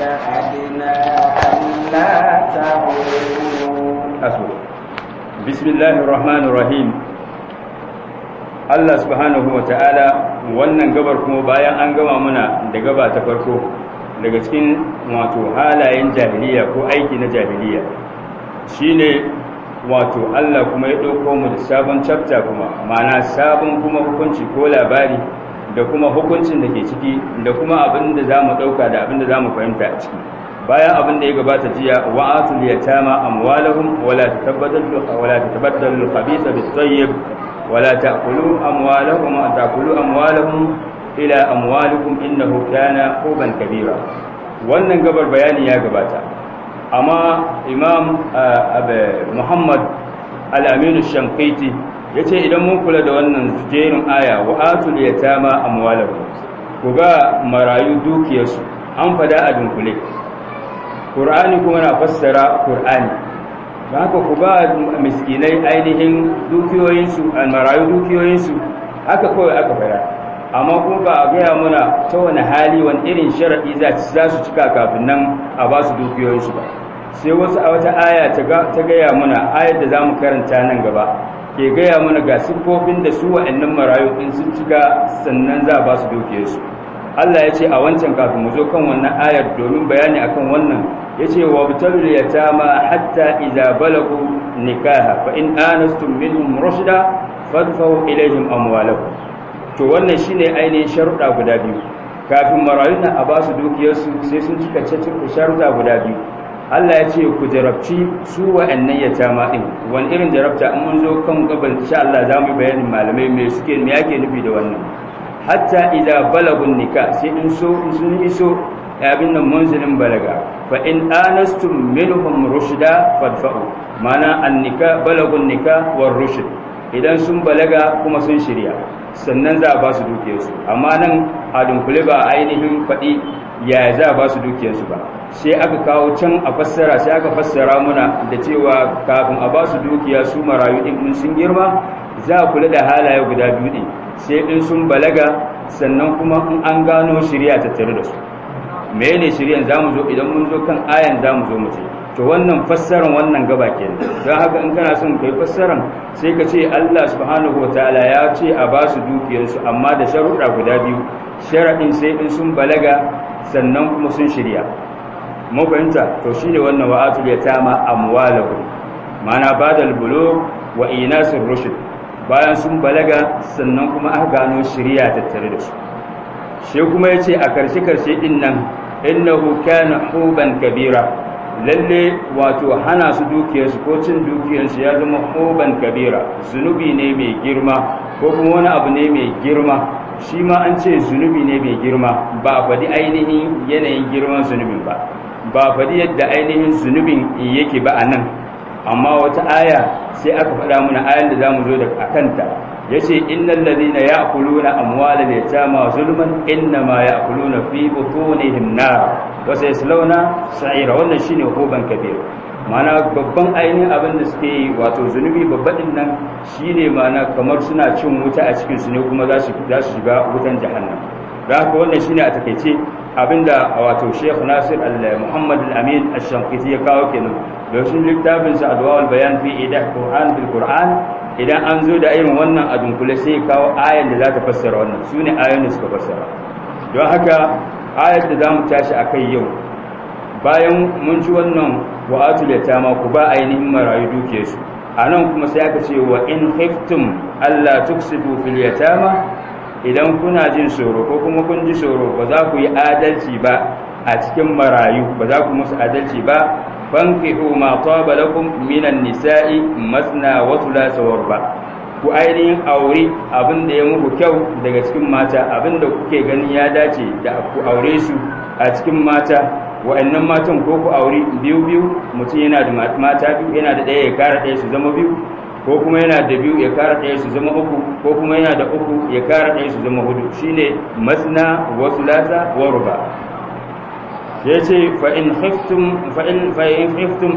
Bismillahi Allah subhanahu wa ta'ala wannan gabar kuma bayan an gama muna da gaba ta farko daga cikin wato halayen jahiliya ko aiki na jahiliya ne wato Allah kuma ya ɗauko mu da sabon chapter kuma ma'ana sabon kuma hukunci ko labari da kuma hukuncin da ke ciki da kuma abin da za mu ɗauka da abin da za mu fahimta a ciki bayan abin da ya gabata jiya wa atul yatama amwalahum wala tatabaddalu wala tabbatar da khabitha bit-tayyib wala ta'kulu amwalahum wa ta'kulu amwalahum ila amwalikum innahu kana quban kabira wannan gabar bayani ya gabata amma imam eh, muhammad al-amin ash ya ce idan mun kula da wannan jerin aya wa atul yatama amwalahu ku ba marayu dukiyarsu an fada a dunkule Qur'ani kuma na fassara Qur'ani ba haka ku ba miskinai ainihin dukiyoyinsu marayu dukiyoyinsu haka kawai aka fara amma kuma ba a gaya muna ta wani hali wani irin sharaɗi za su cika kafin nan a ba su dukiyoyinsu ba sai wasu a wata aya ta gaya muna ayar da za mu karanta nan gaba ke gaya mana ga siffofin da su wa'annan marayu in sun cika sannan za a ba su dukiyarsu Allah ya ce a wancan kafin mu zo kan wannan ayar domin bayani akan wannan ya ce wa ta ma hatta iza balagu nikaha fa in anastum minhum rushda fadfa'u ilaihim amwalahum to wannan shine ainihin sharuɗa guda biyu kafin marayun a ba su dukiyarsu sai sun cika cikin sharuɗa guda biyu Allah ya ce ku jarabci su wa'annan ya din wani irin jarabta in mun zo kan gaban insha Allah za mu bayanin malamai me suke me yake nufi da wannan hatta idza balagun nikah sai in so in sun iso abin nan munzilin balaga fa in anastum minhum rushda fadfa'u mana annika balagun nikah war rushd idan sun balaga kuma sun shirya sannan za a ba su dukiyarsu amma nan a dunkule ba ainihin faɗi yaya za a ba su dukiyarsu ba sai aka kawo can a fassara sai aka fassara muna da cewa kafin a ba su dukiya su marayu din in sun girma za a kula da halaye guda biyu sai in sun balaga sannan kuma in an gano shirya tattare da su ne shiryan mu zo idan mun zo kan ayan mu zo mu to wannan fassaran wannan gaba kenan don haka in kana son kai fassaran sai ka ce Allah subhanahu ta'ala ya ce a ba su dukiyarsu amma da sharuɗa guda biyu sharaɗin sai in sun balaga sannan kuma sun shirya mafahimta to shi ne wannan wa'atul yatama amwalahum mana badal bulu wa sun rushd bayan sun balaga sannan kuma aka gano shari'a tattare da su shi kuma yace a karshe karshe din nan innahu kana huban kabira lalle wato hana su dukiyarsu ko cin dukiyarsu ya zama huban kabira zunubi ne mai girma ko kuma wani abu ne mai girma shi ma an ce zunubi ne mai girma ba a faɗi ainihin yanayin girman zunubin ba ba faɗi yadda ainihin zunubin yake ba a nan amma wata aya sai aka faɗa mana ayan da za mu zo da kanta, ya ce innan lalina ya kulu na amwala ne ta ma zulman inna ma ya kulu na fi buto ne himna wasu salauna sa'ira wannan shi ne hoban kabir mana babban ainihin abin da suke yi wato zunubi babban nan shi ne mana kamar suna cin wuta a cikinsu ne kuma za su shiga wutan jahannan da haka wannan shine a takaice abinda wato Sheikh Nasir Muhammad Al-Amin Ash-Shankiti ya kawo kenan da shi littafin sa Adwa'ul Bayan fi Idah Qur'an bil Qur'an idan an zo da irin wannan a dunkule sai ya kawo ayan da za ta fassara wannan sune ayoyin da suka fassara don haka ayar da zamu tashi akai yau bayan mun ci wannan wa'atul tama ku ba ainihin marayu a anan kuma sai aka ce wa in khiftum alla tuksitu fil yatama idan kuna jin tsoro ko kuma kun ji tsoro ba za ku yi adalci ba a cikin marayu ba za ku musu adalci ba fankihu ma taba lakum minan nisa'i masna wa thulatha wa ruba ku ainihin aure abin da ya muku kyau daga cikin mata abin da kuke gani ya dace da ku aure su a cikin mata wa'annan matan ko ku aure biyu biyu mutum yana da mata biyu yana da ɗaya ya kara ɗaya su zama biyu ko kuma yana da biyu ya kara ɗaya su zama uku ko kuma yana da uku ya kara ɗaya su zama hudu shine masna wa lasa wa ruba ya ce fa’in in allah fa in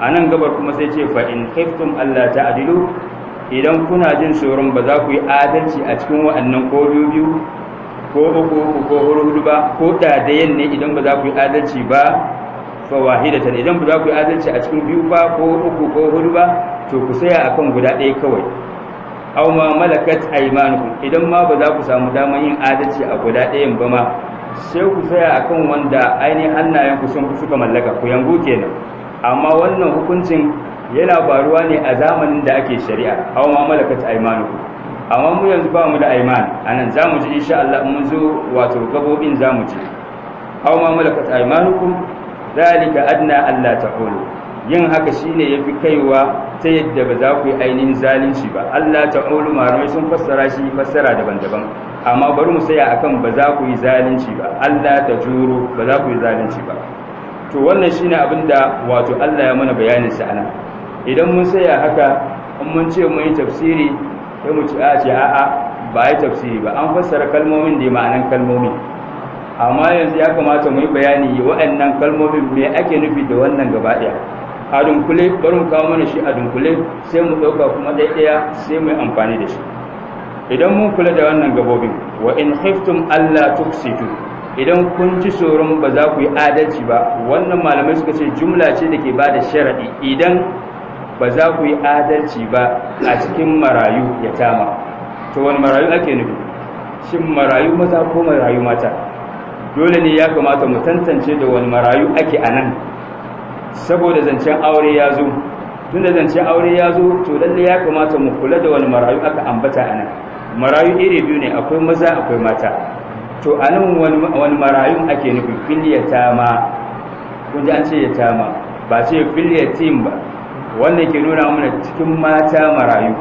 a nan gabar kuma sai ce fa’in in allah ta adilu idan kuna jin tsoron ba za ku yi adalci a cikin wa'annan ko biyu ko uku ko ko hudu ba ko da ne idan ba za ku yi adalci ba fa wahidatan idan ba za ku yi adalci a cikin biyu ba ko uku ko hudu ba to ku saya kan guda ɗaya kawai au ma malakat aymanukum idan ma ba za ku samu damar yin adalci a guda ɗayan ba ma sai ku saya kan wanda ainihin hannayen ku sun suka mallaka ku yango kenan amma wannan hukuncin yana faruwa ne a zamanin da ake shari'a au ma malakat aymanukum amma mu yanzu ba mu da aiman anan za mu ji insha Allah mun zo wato gabobin za mu ji au ma malakat aymanukum zalika adna alla ta'ulu yin haka shine fi kaiwa ta yadda ba za ku yi ainihin zalunci ba Allah ta'ala malamai sun fassara shi fassara daban-daban amma bari mu saya akan ba za ku yi zalunci ba Allah ta juro ba za ku yi zalunci ba to wannan shine abin da wato Allah ya mana bayanin sa anan idan mun saya haka in mun ce mun yi tafsiri sai mu ci a ce a'a ba yi tafsiri ba an fassara kalmomin da ma'anan kalmomin amma yanzu ya kamata mu yi bayani waɗannan kalmomin me ake nufi da wannan gaba ɗaya a dunkule bari mu kawo mana shi a dunkule sai mu ɗauka kuma ɗaya-ɗaya, sai mu yi amfani da shi idan mun kula da wannan gabobin wa in Allah alla tuksitu idan kun ci tsoron ba za ku yi adalci ba wannan malamai suka ce jumla ce da ke ba da sharaɗi idan ba za ku yi adalci ba a cikin marayu ya tama to wani marayu ake nufi shin marayu maza ko marayu mata dole ne ya kamata mu tantance da wani marayu ake a nan saboda zancen aure ya zo tunda zancen aure ya zo to lalle ya kamata mu kula da wani marayu aka ambata a nan marayu iri biyu ne akwai maza akwai mata to a nan wani marayun ake nufi ta ma kun ji an ce ya tama ba ce tim ba wanda ke nuna mana cikin mata marayu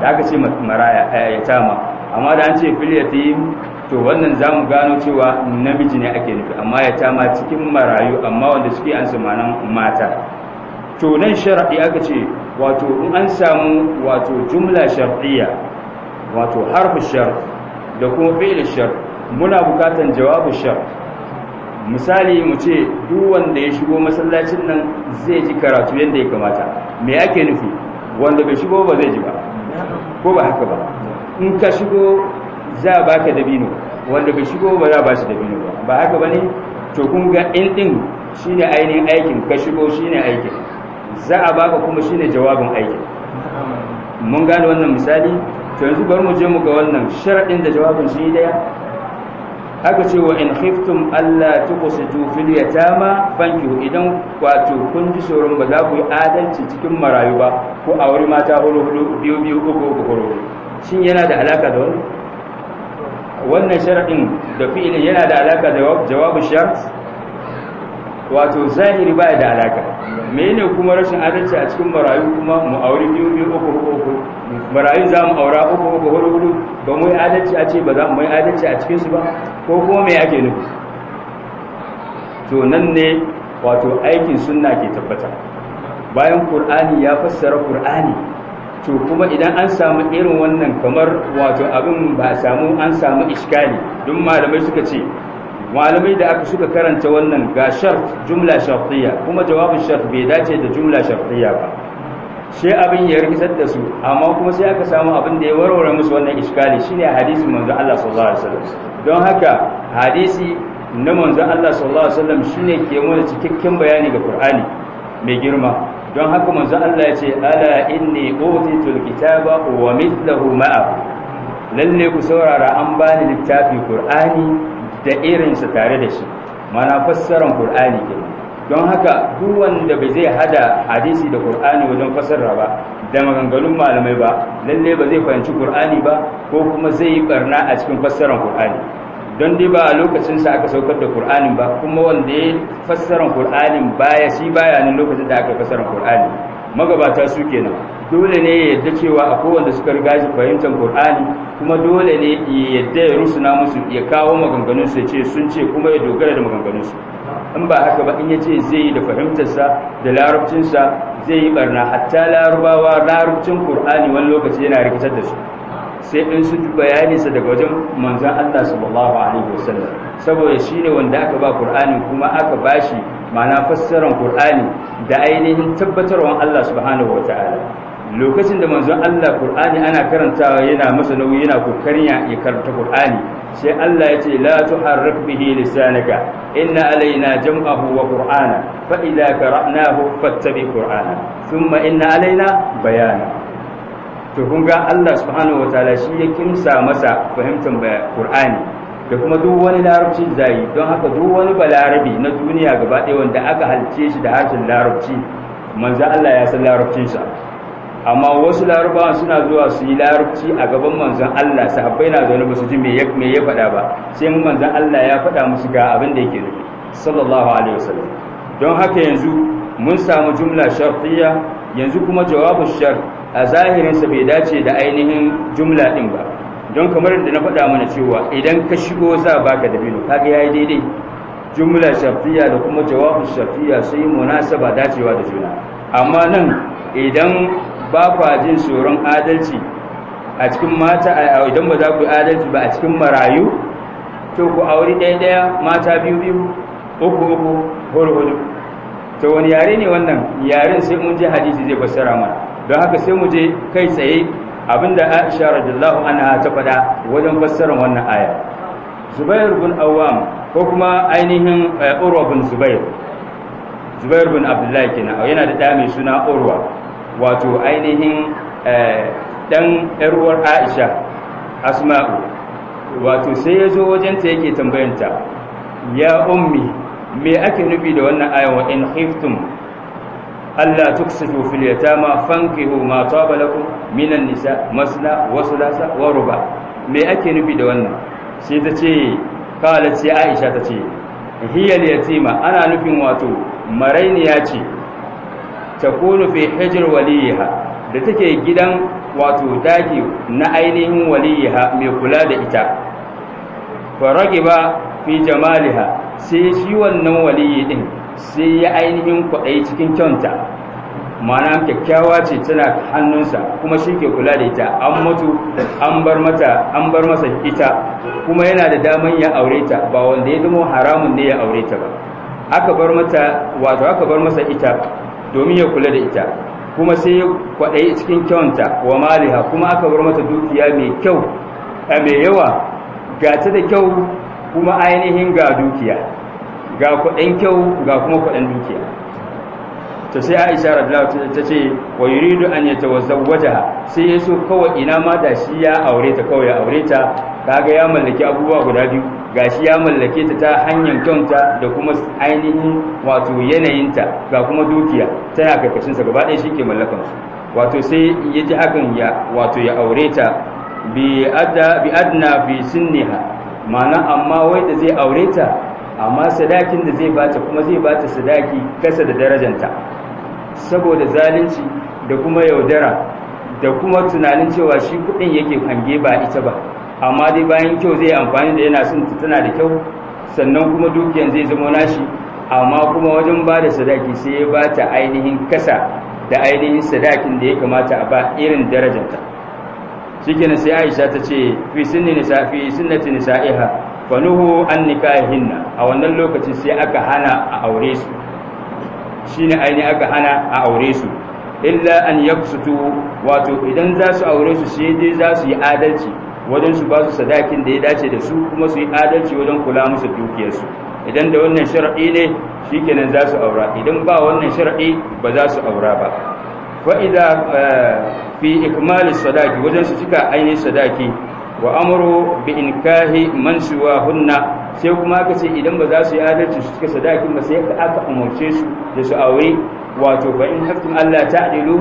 da aka ce maraya eh, ya tama amma da an ce tim. to wannan za mu gano cewa namiji ne ake nufi amma ya tama cikin marayu amma wanda suke an samanin mata to nan shar'i aka ce wato in an samu wato jumla shar'iyya wato harfu shar da kuma fi'il shar muna bukatan jawabu shar misali mu ce duk wanda ya shigo masallacin nan zai ji karatu yadda ya kamata me ake nufi wanda bai shigo ba zai ji ba ko ba haka ba in ka shigo za a baka dabino wanda bai shigo ba za a ba shi dabino ba ba haka ne? to kun ga in din shine ainihin aikin ka shigo shine aikin za a baka kuma shine jawabin aikin mun gane wannan misali to yanzu bari mu je mu ga wannan sharadin da jawabin shi daya aka ce wa in khiftum alla tuqsitu fil yatama fankihu idan wato kun ji tsoron ba za ku yi adalci cikin marayu ba ko a wuri mata hulu hulu biyu biyu uku uku hulu shin yana da alaka da wannan wannan sharaɗin da fi'ilin yana da alaƙa da jawabu shart wato zahiri ba da alaƙa. Me ne kuma rashin adalci a cikin marayu kuma mu auri biyu biyu uku uku uku marayu za mu aura uku uku huɗu-huɗu? ba mu yi adalci a ce ba za mu yi adalci a cikin su ba ko kuma me ake nufi to nan ne wato aikin sunna ke tabbata bayan qur'ani ya fassara qur'ani to kuma idan an samu irin wannan kamar wato abin ba a samu an samu iskali don malamai suka ce malamai da aka suka karanta wannan ga shart jumla shartiyya kuma jawabin shart bai dace da jumla shartiyya ba sai abin ya rikisar da su amma kuma sai aka samu abin da ya warware musu wannan iskali shine hadisin manzo Allah sallallahu alaihi wasallam don haka hadisi na manzo Allah sallallahu alaihi wasallam shine ke mana cikakken bayani ga Qur'ani mai girma don haka manzo Allah ya ce ala inni utitul kitaba wa mithluhu ma'a lalle ku saurara an bani littafi qur'ani da irin sa tare da shi mana fassaran qur'ani ke don haka duk wanda bai zai hada hadisi da qur'ani wajen fassara ba da maganganun malamai ba lalle ba zai fahimci qur'ani ba ko kuma zai yi barna a cikin fassaran qur'ani don dai ba a lokacinsa aka saukar da Kur'ani ba kuma wanda ya fassarar Kur'anin baya shi baya nan lokacin da aka fassarar Kur'ani magabata su kenan dole ne ya yadda cewa akwai wanda suka riga shi fahimtar Kur'ani kuma dole ne ya yadda ya rusuna musu ya kawo maganganun ya ce sun ce kuma ya dogara da maganganun in ba haka ba in ya ce zai yi da fahimtarsa da larabcinsa zai yi barna hatta larubawa larabcin Kur'ani wani lokaci yana rikitar da su sai in su ji bayaninsa daga wajen manzon Allah sallallahu alaihi wasallam saboda shine wanda aka ba Kur'ani kuma aka ba shi ma'ana fassarar Qur'ani da ainihin tabbatarwan Allah subhanahu wataala lokacin da manzon Allah Kur'ani ana karantawa yana masa nauyi yana kokarin ya karanta Qur'ani sai Allah ya ce la tuharrik bihi lisanaka inna alaina jam'ahu wa qur'ana fa idza qara'nahu fattabi qur'ana thumma inna alaina bayana to kun ga Allah subhanahu wataala shi ya kimsa masa fahimtar Qur'ani da kuma duk wani larabci zai don haka duk wani balarabi na duniya gaba ɗaya wanda aka halce shi da harshen larabci manzo Allah ya san larabcin sa amma wasu larabawa suna zuwa su yi larabci a gaban manzon Allah sahabbai na zaune ba su ji me ya me ya faɗa ba sai mun manzon Allah ya faɗa musu ga abin da yake nufi sallallahu alaihi wasallam don haka yanzu mun samu jumla shartiyya yanzu kuma jawabu shart a zahirinsa bai dace da ainihin jumla ɗin ba don kamar da na faɗa mana cewa idan ka shigo za ba ka dabino kaga yi daidai jumla shafiya da kuma jawabu shafiya sai munasaba dacewa da juna amma nan idan ba kwa jin tsoron adalci a cikin mata idan ba za ku adalci ba a cikin marayu to ku auri ɗaya ɗaya mata biyu biyu uku uku horo-horo? to wani yare ne wannan yaren sai mun je hadisi zai fassara mana don haka sai mu je kai tsaye abinda Aisha radiyallahu anha ta faɗa wajen fassarar wannan aya Zubair bin Awwam ko kuma ainihin eh, Urwa bin Zubair Zubair bin Abdullahi kenan yana da ɗa mai suna Urwa wato ainihin dan eh, uwar Aisha Asma'u wato sai ya zo wajenta yake tambayanta ya ummi me ake nufi da wannan aya wa in khiftum Allah tuksitu fil yatama fankihu ma taba lakum minan nisa masna wa sulasa wa ruba me ake nufi da wannan sai ta ce kala ce Aisha ta ce hiya al yatima ana nufin wato marainiya ce takunu fi hijr waliha da take gidan wato daki na ainihin waliha mai kula da ita ragiba fi jamaliha sai shi wannan waliyi din sai ya ainihin kwaɗayi cikin kyanta mana kyakkyawa ce tana hannunsa kuma shi ke kula da ita an mutu an bar masa ita kuma yana da damar ya aure ta ba wanda ya zama haramun ne ya aure ta ba aka bar mata wato aka bar masa ita domin ya kula da ita kuma sai ya kwaɗayi cikin kyanta wa maliha kuma aka bar mata dukiya mai kyau mai yawa ga ta da kyau kuma ainihin ga dukiya ga kudin kyau ga kuma kudin dukiya ta sai aisha radiyallahu ta ce wa yuridu an yatawazzawaja sai ya so kawai ina ma da shi ya aure ta kawai ya aure ta kaga ya mallaki abubuwa guda biyu ga shi ya mallake ta ta hanyar kyauta da kuma ainihin wato yanayinta ga kuma dukiya tana karkashin sa gaba ɗaya shike mallakan su wato sai ya ji hakan ya wato ya aure ta bi adna fi sinniha ma'ana amma wai da zai aure ta amma sadakin da zai bata kuma zai bata sadaki kasa da darajanta saboda zalunci da kuma yaudara da kuma tunanin cewa shi kudin yake hange ba ita ba amma dai bayan kyau zai amfani da yana son tana da kyau sannan kuma dukiyan zai zama nashi amma kuma wajen ba da sadaki sai ya ba ta ainihin kasa da ainihin sadakin da ya kamata a ba irin darajanta cikina sai Aisha ta ce fi sunnati nisa'iha fanuhu an nikahinna a wannan lokacin sai aka hana a aure su shine aini aka hana a aure su illa an yaksutu wato idan za su aure su sai dai za su yi adalci wajen su ba su sadakin da ya dace da su kuma su yi adalci wajen kula musu dukiyarsu idan da wannan shar'i ne shikenan za su aura idan ba wannan shar'i ba za su aura ba fa idza eh, fi ikmali sadaki wajen su cika aini sadaki wa amuru bi inkahi man hunna sai kuma aka ce idan ba za su yi adalci su cika sadakin ba sai aka umarce su da su aure wato ba in haftum Allah adilu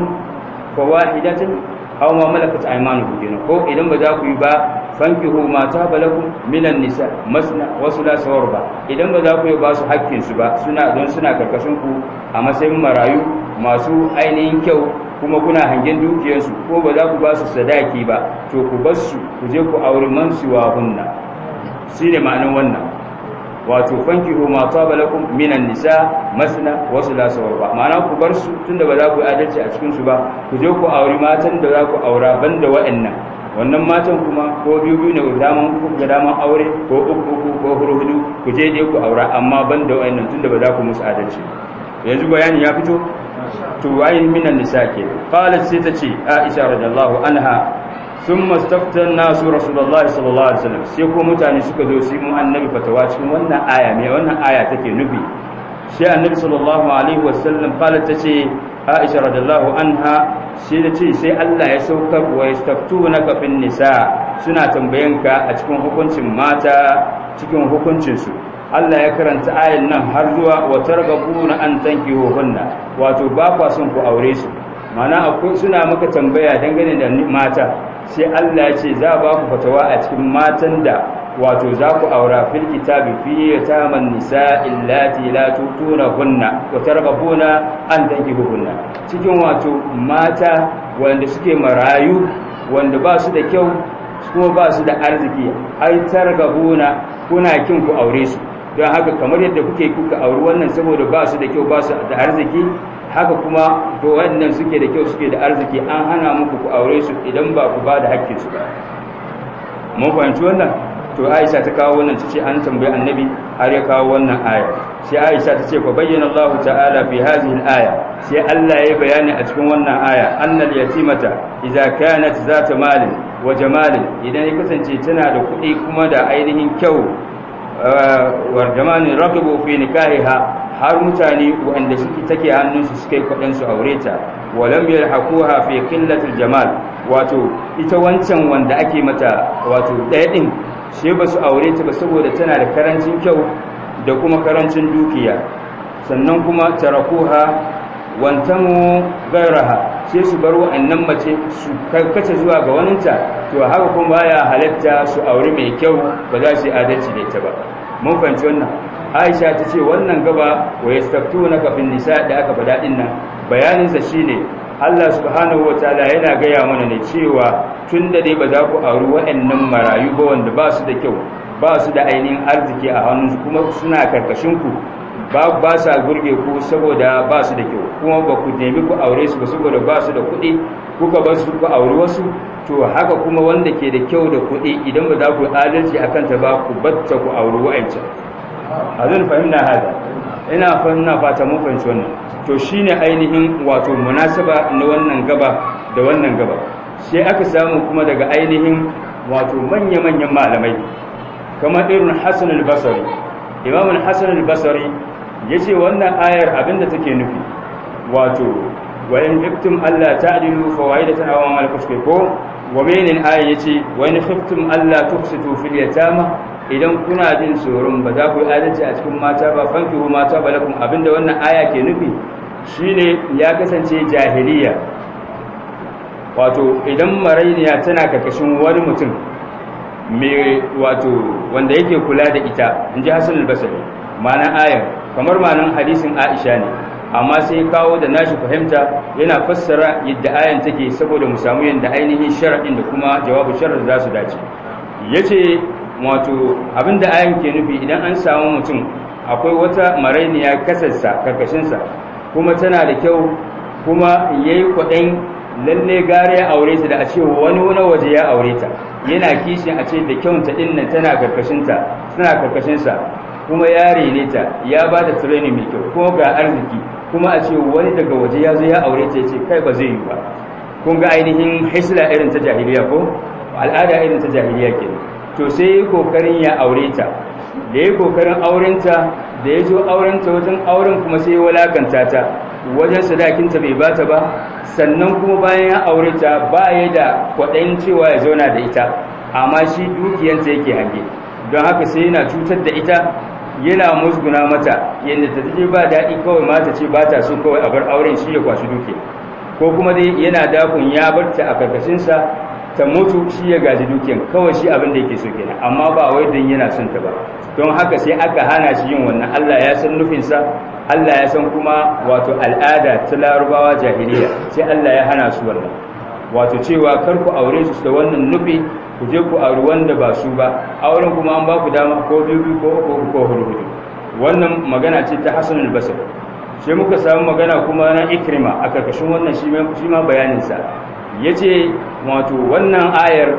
fa wahidatin aw ma malakat aymanukum kenan ko idan ba za ku yi ba fankihu ma balakum minan nisa masna wa thulatha idan ba za ku yi ba su hakkin su ba suna don suna karkashin ku a matsayin marayu masu ainihin kyau kuma kuna hangen dukiyarsu ko ba za ku ba su sadaki ba to ku bar su ku je ku auri wa hunna ne ma'anin wannan wato fankihu ma ta lakum minan nisa masna wa thulatha wa ba ma'ana ku bar su tunda ba za ku adalci a cikin su ba ku je ku auri matan da za ku aura banda wa'annan wannan matan kuma ko biyu biyu ne daman ku ga daman aure ko uku uku ko hudu ku je je ku aura amma banda wa'annan tunda ba za ku musu adalci ba yanzu bayani ya fito to ayin minan nisa ke qalat sai ta ce aisha radiyallahu anha thumma staftana su rasulullahi sallallahu alaihi wasallam sai ko mutane suka zo su mu annabi fatawa cikin wannan aya me wannan aya take nufi sai annabi sallallahu alaihi wasallam qalat ta ce aisha radiyallahu anha sai ta ce sai Allah ya saukar wa yastaftunaka fin nisa suna tambayanka a cikin hukuncin mata cikin hukuncinsu Allah ya karanta ayin nan har zuwa wa targabuna an tanki hohunna wato ba kwa son ku aure su mana akwai suna maka tambaya dangane da mata sai Allah ya ce za ba ku fatawa a cikin matan da wato za ku aura fil kitabi fi man nisa'il illati la tutuna hunna wa targabuna an tanki hunna cikin wato mata wanda suke marayu wanda ba su da kyau kuma ba su da arziki ai targabuna kuna kin ku aure su don haka kamar yadda kuke kuka auri wannan saboda ba su da kyau ba su da arziki haka kuma ko wannan suke da kyau suke da arziki an hana muku ku aure su idan ba ku ba da hakkin su ba mun fahimci wannan to Aisha ta kawo wannan tace an tambayi annabi har ya kawo wannan aya sai Aisha ta ce fa bayyana Allah ta'ala fi hadhihi al-aya sai Allah ya bayani a cikin wannan aya annal yatimata idza kanat zata malin wa jamalin idan ya kasance tana da kuɗi kuma da ainihin kyau warjamanin rakibu fi nikahiha har mutane wanda suke take hannunsu su suke kudin su aure ta walam yalhaquha fi qillatil jamal wato ita wancan wanda ake mata wato ɗaya din sai ba su aure ta ba saboda tana da karancin kyau da kuma karancin dukiya sannan kuma tarakuha wantamu gairaha sai su bar wa'annan mace su karkace zuwa ga waninta to haka kuma ya halatta su auri mai kyau ba za su yi adalci da ita ba mun fahimci wannan aisha ta ce wannan gaba wa yastaftu na kafin nisa da aka faɗa din nan bayaninsa shine Allah subhanahu wataala yana gaya mana ne cewa tun da dai ba za ku auri wa'annan marayu ba wanda ba su da kyau ba su da ainihin arziki a hannunsu kuma suna karkashin ku ba ba sa burge ku saboda ba su da kyau kuma ba ku nemi ku aure su ba saboda ba su da kuɗi kuka ba su ku aure wasu to haka kuma wanda ke da kyau da kuɗi idan ba za ku adalci akan ta ba ku batta ku aure wa'ancan a zan fahimta haka ina fata mun fahimci wannan to shine ainihin wato munasaba na wannan gaba da wannan gaba sai aka samu kuma daga ainihin wato manya-manyan malamai kamar irin Hassan al-Basri Imam Hassan al-Basri Ya ce wannan ayar abinda take nufi wato wa in khiftum alla ta'dilu fawaidatan aw ma malakat ko wa bainin ayar yace wa in Allah alla tuqsitu fil yatama idan kuna jin tsoron ba za ku yi adalci a cikin mata ba fankihu mata balakum abinda wannan aya ke nufi shine ya kasance jahiliya wato idan marainiya tana karkashin wani mutum mai wato wanda yake kula da ita in ji hassan albasari ma'anar ayar kamar ma'anar hadisin aisha ne amma sai kawo da nashi fahimta yana fassara yadda ayan take saboda mu samu yadda ainihin sharaɗin da kuma jawabin sharaɗin za su dace ya ce wato abinda ayan ke nufi idan an samu mutum akwai wata marainiya kasarsa karkashinsa kuma tana da kyau kuma ya yi kwaɗayin lalle gare ya aure ta da a ce wani wani waje ya aure ta yana kishin a ce da kyaunta ɗin nan tana karkashinta tana karkashinsa kuma ya rene ta ya ba ta training mai kyau ko ga arziki kuma a ce wani daga waje ya zo ya aure ta ce kai ba zai yi ba kun ga ainihin hisla irin ta jahiliya ko al'ada irin ta jahiliya ke to sai yi kokarin ya aure ta da yi kokarin aurenta da ya zo aurenta wajen auren kuma sai ya walakanta ta wajen sadakinta bai bata ba sannan kuma bayan ya aure ta ba ya da kwaɗayin cewa ya zauna da ita amma shi dukiyanta yake hange don haka sai yana cutar da ita yana musguna mata yadda ta ji ba daɗi kawai mata ce ba ta so kawai a bar auren shi ya kwashi duke ko kuma dai yana dakun ya barta a karkashinsa ta mutu shi ya gaji dukiyan kawai shi abin da yake so kenan amma ba wai don yana son ta ba don haka sai aka hana shi yin wannan Allah ya san nufinsa Allah ya san kuma wato al'ada ta larubawa jahiliya sai Allah ya hana su wannan wato cewa kar ku aure su da wannan nufi ku je ku auri wanda ba su ba auren kuma an ba ku dama ko biyu ko ko ko hudu wannan magana ce ta Hassan al-Basri sai muka samu magana kuma na Ikrima a karkashin wannan shi ma bayanin sa yace wato wannan ayar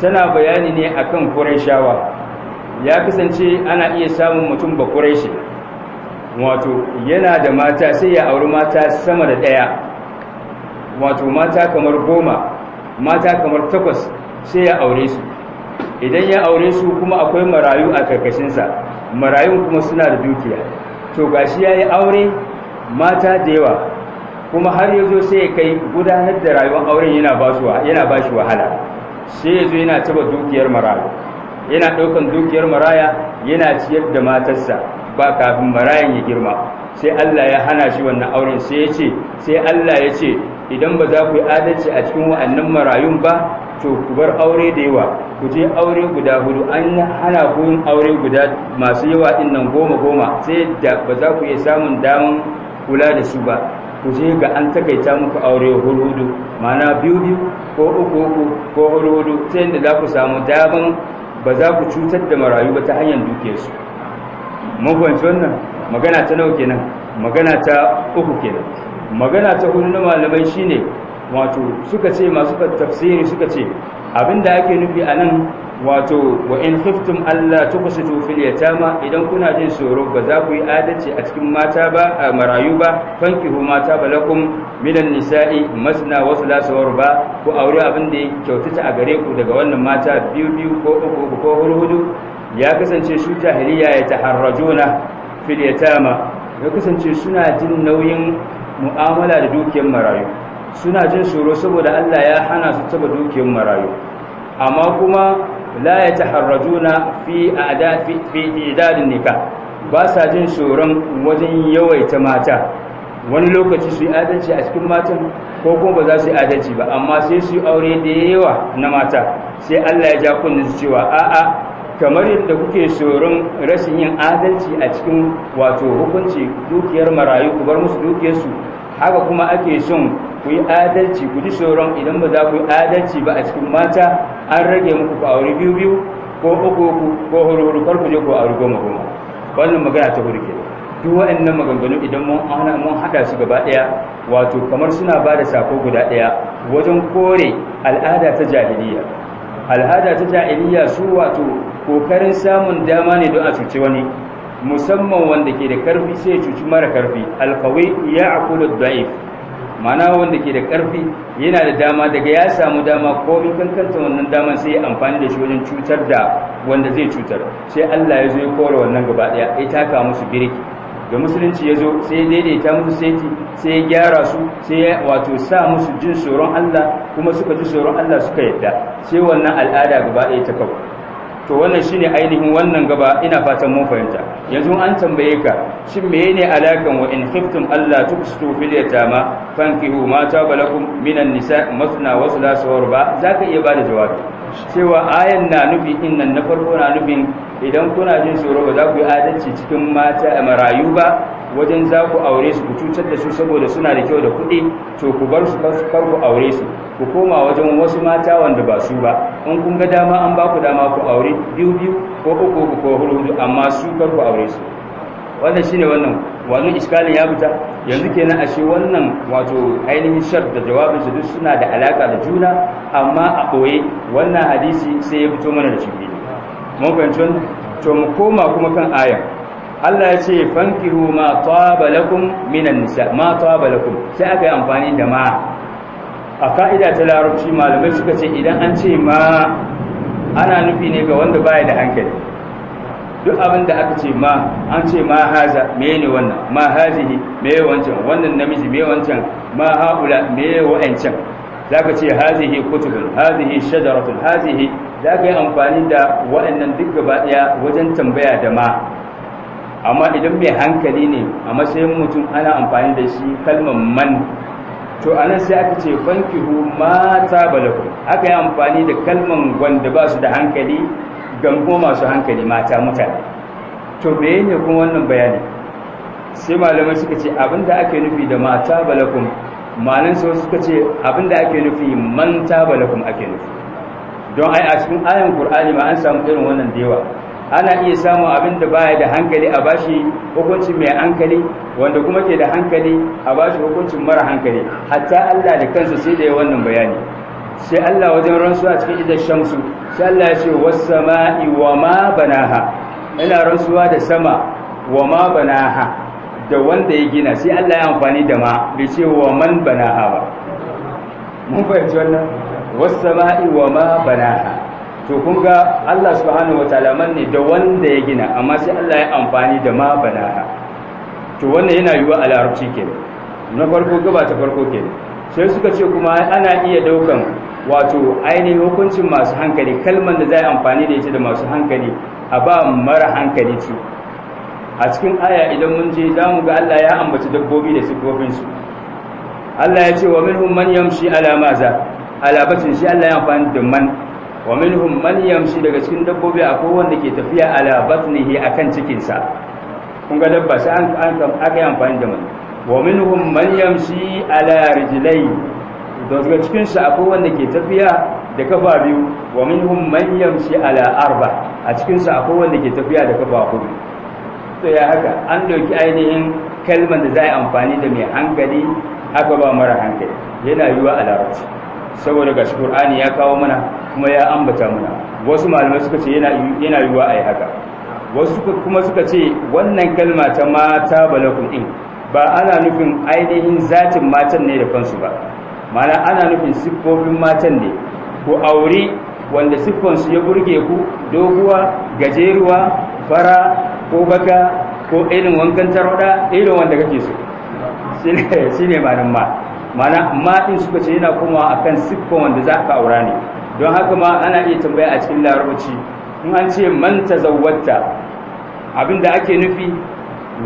tana bayani ne akan Quraishawa ya kasance ana iya samun mutum ba Quraishi wato yana da mata sai ya auri mata sama da daya wato mata kamar goma mata kamar takwas sai ya aure su idan ya aure su kuma akwai marayu a karkashinsa marayun kuma suna da dukiya to gashi ya yi aure mata da yawa kuma har ya zo sai ya kai gudanar da rayuwar auren yana ba shi wahala sai ya zo yana taba dukiyar marayu yana ɗaukan dukiyar maraya yana ciyar da matarsa ba kafin marayan ya girma sai Allah ya hana shi wannan auren sai ya ce sai Allah ya ce idan ba za ku yi adalci a cikin wa'annan marayun ba to ku bar aure da yawa ku je aure guda hudu an hana ku aure guda masu yawa din nan goma goma sai da ba za ku iya samun daman kula da su ba ku je ga an takaita muku aure hudu ma'ana biyu biyu ko uku uku ko hudu hudu sai da za ku samu daman ba za ku cutar da marayu ba ta hanyar dukiyarsu mun wannan magana ta nawa kenan magana ta uku kenan magana ta hudu na malamai shine wato suka ce masu tafsiri suka ce abinda ake nufi a nan wato wa in khiftum alla tuqsitu fil yatama idan kuna jin tsoro ba za ku yi adalci a cikin mata ba a marayu ba fankihu mata balakum minan nisa'i masna wa thulatha wa ruba ku aure abin da kyautata a gare ku daga wannan mata biyu biyu ko uku ko hudu ya kasance su jahiliya ya ta taharrajuna fil yatama ya kasance suna jin nauyin mu'amala da dukiyar marayu suna jin tsoro saboda Allah ya hana su taba dukiyar marayu amma kuma la yataharrajuna fi a'da fi idadin nika ba sa jin tsoron wajen yawaita mata wani lokaci su yi adalci a cikin matan ko kuma ba za su yi adalci ba amma sai su yi aure da yawa na mata sai Allah ya ja kunnin cewa a'a kamar yadda kuke tsoron rashin yin adalci a cikin wato hukunci dukiyar marayu ku bar musu dukiyarsu haka kuma ake son ku yi adalci ku ji tsoron idan ba za ku yi adalci ba a cikin mata an rage muku ku aure biyu biyu ko uku uku ko huru kar ku je ku aure goma goma wannan magana ta hurge duk waɗannan maganganu idan mun ana mun hada su gaba ɗaya wato kamar suna ba da sako guda ɗaya wajen kore al'ada ta jahiliya al'ada ta jahiliya su wato kokarin samun dama ne don a cuci wani musamman wanda ke da karfi sai ya cuci mara karfi alkawai ya akulu da'if mana wanda ke da karfi yana da dama daga ya samu dama in kankanta wannan daman sai ya amfani da shi wajen cutar da wanda zai cutar sai Allah ya zo ya kore wannan gaba daya ya taka musu birki da musulunci ya zo sai ya daidaita musu saiti sai ya gyara su sai ya wato sa musu jin tsoron Allah kuma suka ji tsoron Allah suka yadda sai wannan al'ada gaba daya ta kawo to wannan shine ainihin wannan gaba ina fatan mun fahimta yanzu an tambaye ka shin menene alakan wa in khiftum alla tuksitu fil yatama fankihu ma tabalakum minan nisa masna wa thulatha wa za ka iya bada jawabi cewa ayan na nufi innan na farko na nufin idan kuna jin tsoro ba za ku yi adalci cikin mata eh, marayu ba wajen za ku aure su ku cutar da su saboda suna da kyau da kuɗi to ku bar su kar ku aure su ku koma wajen wasu mata wanda ba su ba in kun ga dama an ba ku dama ku aure biyu biyu ko uku ko huɗu-huɗu amma su kar aure su wannan shine wannan wannan iskalin ya fita yanzu kenan ashe wannan wato ainihin shar da jawabin su duk suna da alaka da juna amma a ɓoye wannan hadisi sai ya fito mana da cikin mun fahimci to mu koma kuma kan ayan Allah ya ce fankihu ma taba lakum minan nisa ma taba lakum sai aka yi amfani da ma a ka'ida ta larabci malamai suka ce idan an ce ma ana nufi ne ga wanda baya da hankali duk abin da aka ce ma an ce ma haza mene wannan ma hazihi mene wancan wannan namiji mene wancan ma haula mene wancan zaka ce hazihi kutubun hazihi shajaratun hazihi zaka yi amfani da wa'annan duk gaba daya wajen tambaya da ma amma idan mai hankali ne a matsayin mutum ana amfani da shi kalmar man to anan sai aka ce fankihu ma tabalakum aka yi amfani da kalman wanda ba su da hankali gan masu hankali mata mutane to me ne kuma wannan bayani sai malamai suka ce abinda ake nufi da mata balakun malin sau suka ce abinda ake nufi man balakun ake nufi don ai a cikin ayan kur'ani ma an samu irin wannan da yawa ana iya samun abin da baya da hankali a bashi hukunci mai hankali wanda kuma ke da hankali a bashi hukuncin mara hankali hatta Allah da kansa sai da ya wannan bayani sai Allah wajen rantsuwa cikin idan shamsu sai Allah ya ce wasa sama'i wa ma banaha ina rantsuwa da sama wa ma banaha da wanda ya gina sai Allah ya amfani da ma bai ce wa man banaha ba mun fahimci wannan wasa sama'i wa ma banaha to kun ga Allah subhanahu wataala man ne da wanda ya gina amma sai Allah ya amfani da ma banaha to wannan yana yiwuwa a larabci kenan na farko gaba ta farko kenan sai suka ce kuma ana iya daukan wato ainihin hukuncin masu hankali kalman da za a amfani da ita da masu hankali a ba mara hankali ce a cikin aya idan mun je za mu ga Allah ya ambaci dabbobi da sifofinsu Allah ya ce wa minhum man yamshi ala maza ala batin shi Allah ya amfani da man wa minhum man yamshi daga cikin dabbobi akwai wanda ke tafiya ala batnihi akan cikinsa kun ga dabba sai an aka yi amfani da man wa minhum man yamshi ala rijlai to daga cikin su akwai wanda ke tafiya da kafa biyu wa minhum man yamshi ala arba a cikin su akwai wanda ke tafiya da kafa hudu to ya haka an dauki ainihin kalmar da za a amfani da mai hankali haka ba mara hankali yana yiwa a larabci saboda ga shi qur'ani ya kawo mana kuma ya ambata mana wasu malamai suka ce yana yana yiwa a yi haka wasu kuma suka ce wannan kalma ta mata balakun din ba ana nufin ainihin zatin matan ne da kansu ba mana ana nufin siffofin matan ne ku auri wanda siffonsu ya burge ku doguwa gajeruwa fara ko baka ko irin wankan tarwada irin wanda kake so shi ne ma'anin ma mana matin suka ce yana kuma akan siffon wanda za ka aura ne don haka ma ana iya tambaya a cikin larabci in an ce man tazawwata abinda ake nufi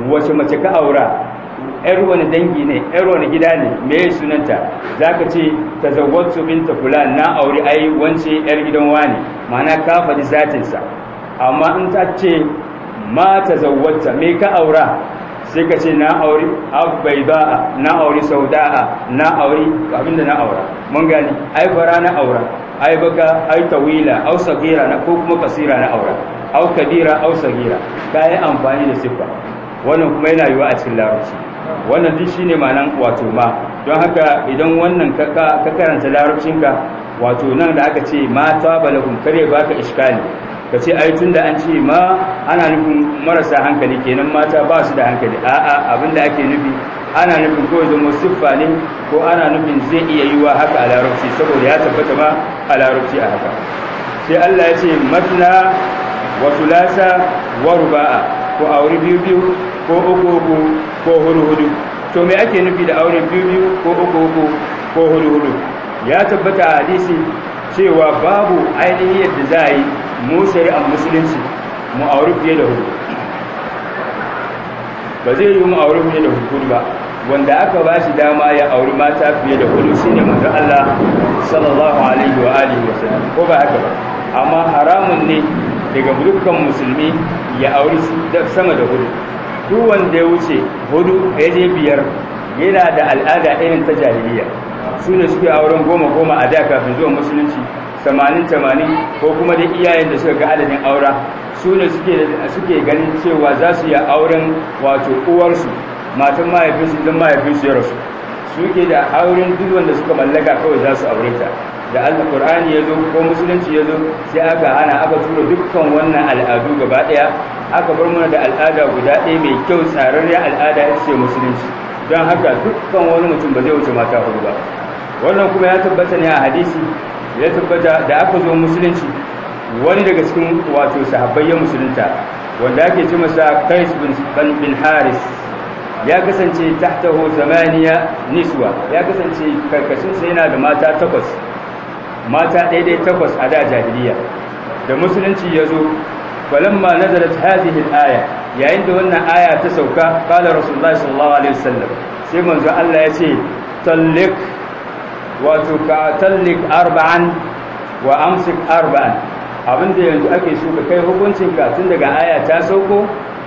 wace mace ka aura yar wani dangi ne yar wani gida ne me sunanta za ka ce ta tazawwatu binta fulan na auri ai wance yar gidan wani ma'ana ka faɗi zatinsa amma in ta ce ma ta tazawwata me ka aura sai ka ce na aure abbaida'a na aure sauda'a na aure abinda na aura mun gani ai fara na aura ai baka ai tawila au sagira na ko kuma kasira na aura au kabira au sagira yi amfani da siffa wannan kuma yana yiwa a cikin larabci wannan duk shine ma'anan wato ma don haka idan wannan ka karanta larabcinka wato nan da aka ce ma ta kare baka iskali ka ce ai tunda an ce ma ana nufin marasa hankali kenan mata ba su da hankali a'a abin da ake nufi ana nufin ko zama siffa ne ko ana nufin zai iya yiwa haka a larabci saboda ya tabbata ma a larabci a haka sai Allah ya ce matna wa thulatha wa ruba'a ko auri biyu biyu ko uku uku ko hudu hudu to me ake nufi da aure biyu biyu ko uku uku ko hudu hudu ya tabbata a hadisi cewa babu ainihin yadda za a yi mu shari'ar musulunci mu auri fiye da hudu ba zai yi mu auri fiye da hudu ba wanda aka ba shi dama ya auri mata fiye da hudu shine mutu Allah sallallahu alaihi wa alihi wa sallam ko ba haka ba amma haramun ne daga dukkan musulmi ya auri sama da hudu duk wanda ya wuce hudu a yaje biyar yana da al'ada irin ta jahiliya su ne suke auren goma goma a da kafin zuwa musulunci samanin tamanin ko kuma da iyayen da suka ga adadin aura su ne suke ganin cewa za su yi auren wato uwarsu matan mahaifinsu don mahaifinsu ya rasu suke da auren duk wanda suka mallaka kawai za su aure ta da alkur'ani ya zo ko musulunci ya zo sai aka hana aka tura dukkan wannan al'adu gaba ɗaya aka bar mana da al'ada guda ɗaya mai kyau tsararriyar al'ada ita ce musulunci don haka dukkan wani mutum ba zai wuce mata hudu ba wannan kuma ya tabbata ne a hadisi ya tabbata da aka zo musulunci wani daga cikin wato sahabbai ya musulunta wanda ake ce masa Qais bin bin Haris ya kasance tahtahu zamaniya niswa ya kasance karkashin sa yana da mata takwas mata daidai takwas a da jahiliya da musulunci ya zo falamma nazarat hadhihi al-aya yayin da wannan aya ta sauka qala rasulullahi sallallahu alaihi wasallam sai manzo Allah ya ce tallik wa tuqatallik arba'an wa amsik arba'an abinda yanzu ake so ka kai hukuncin ka tun daga aya ta sauko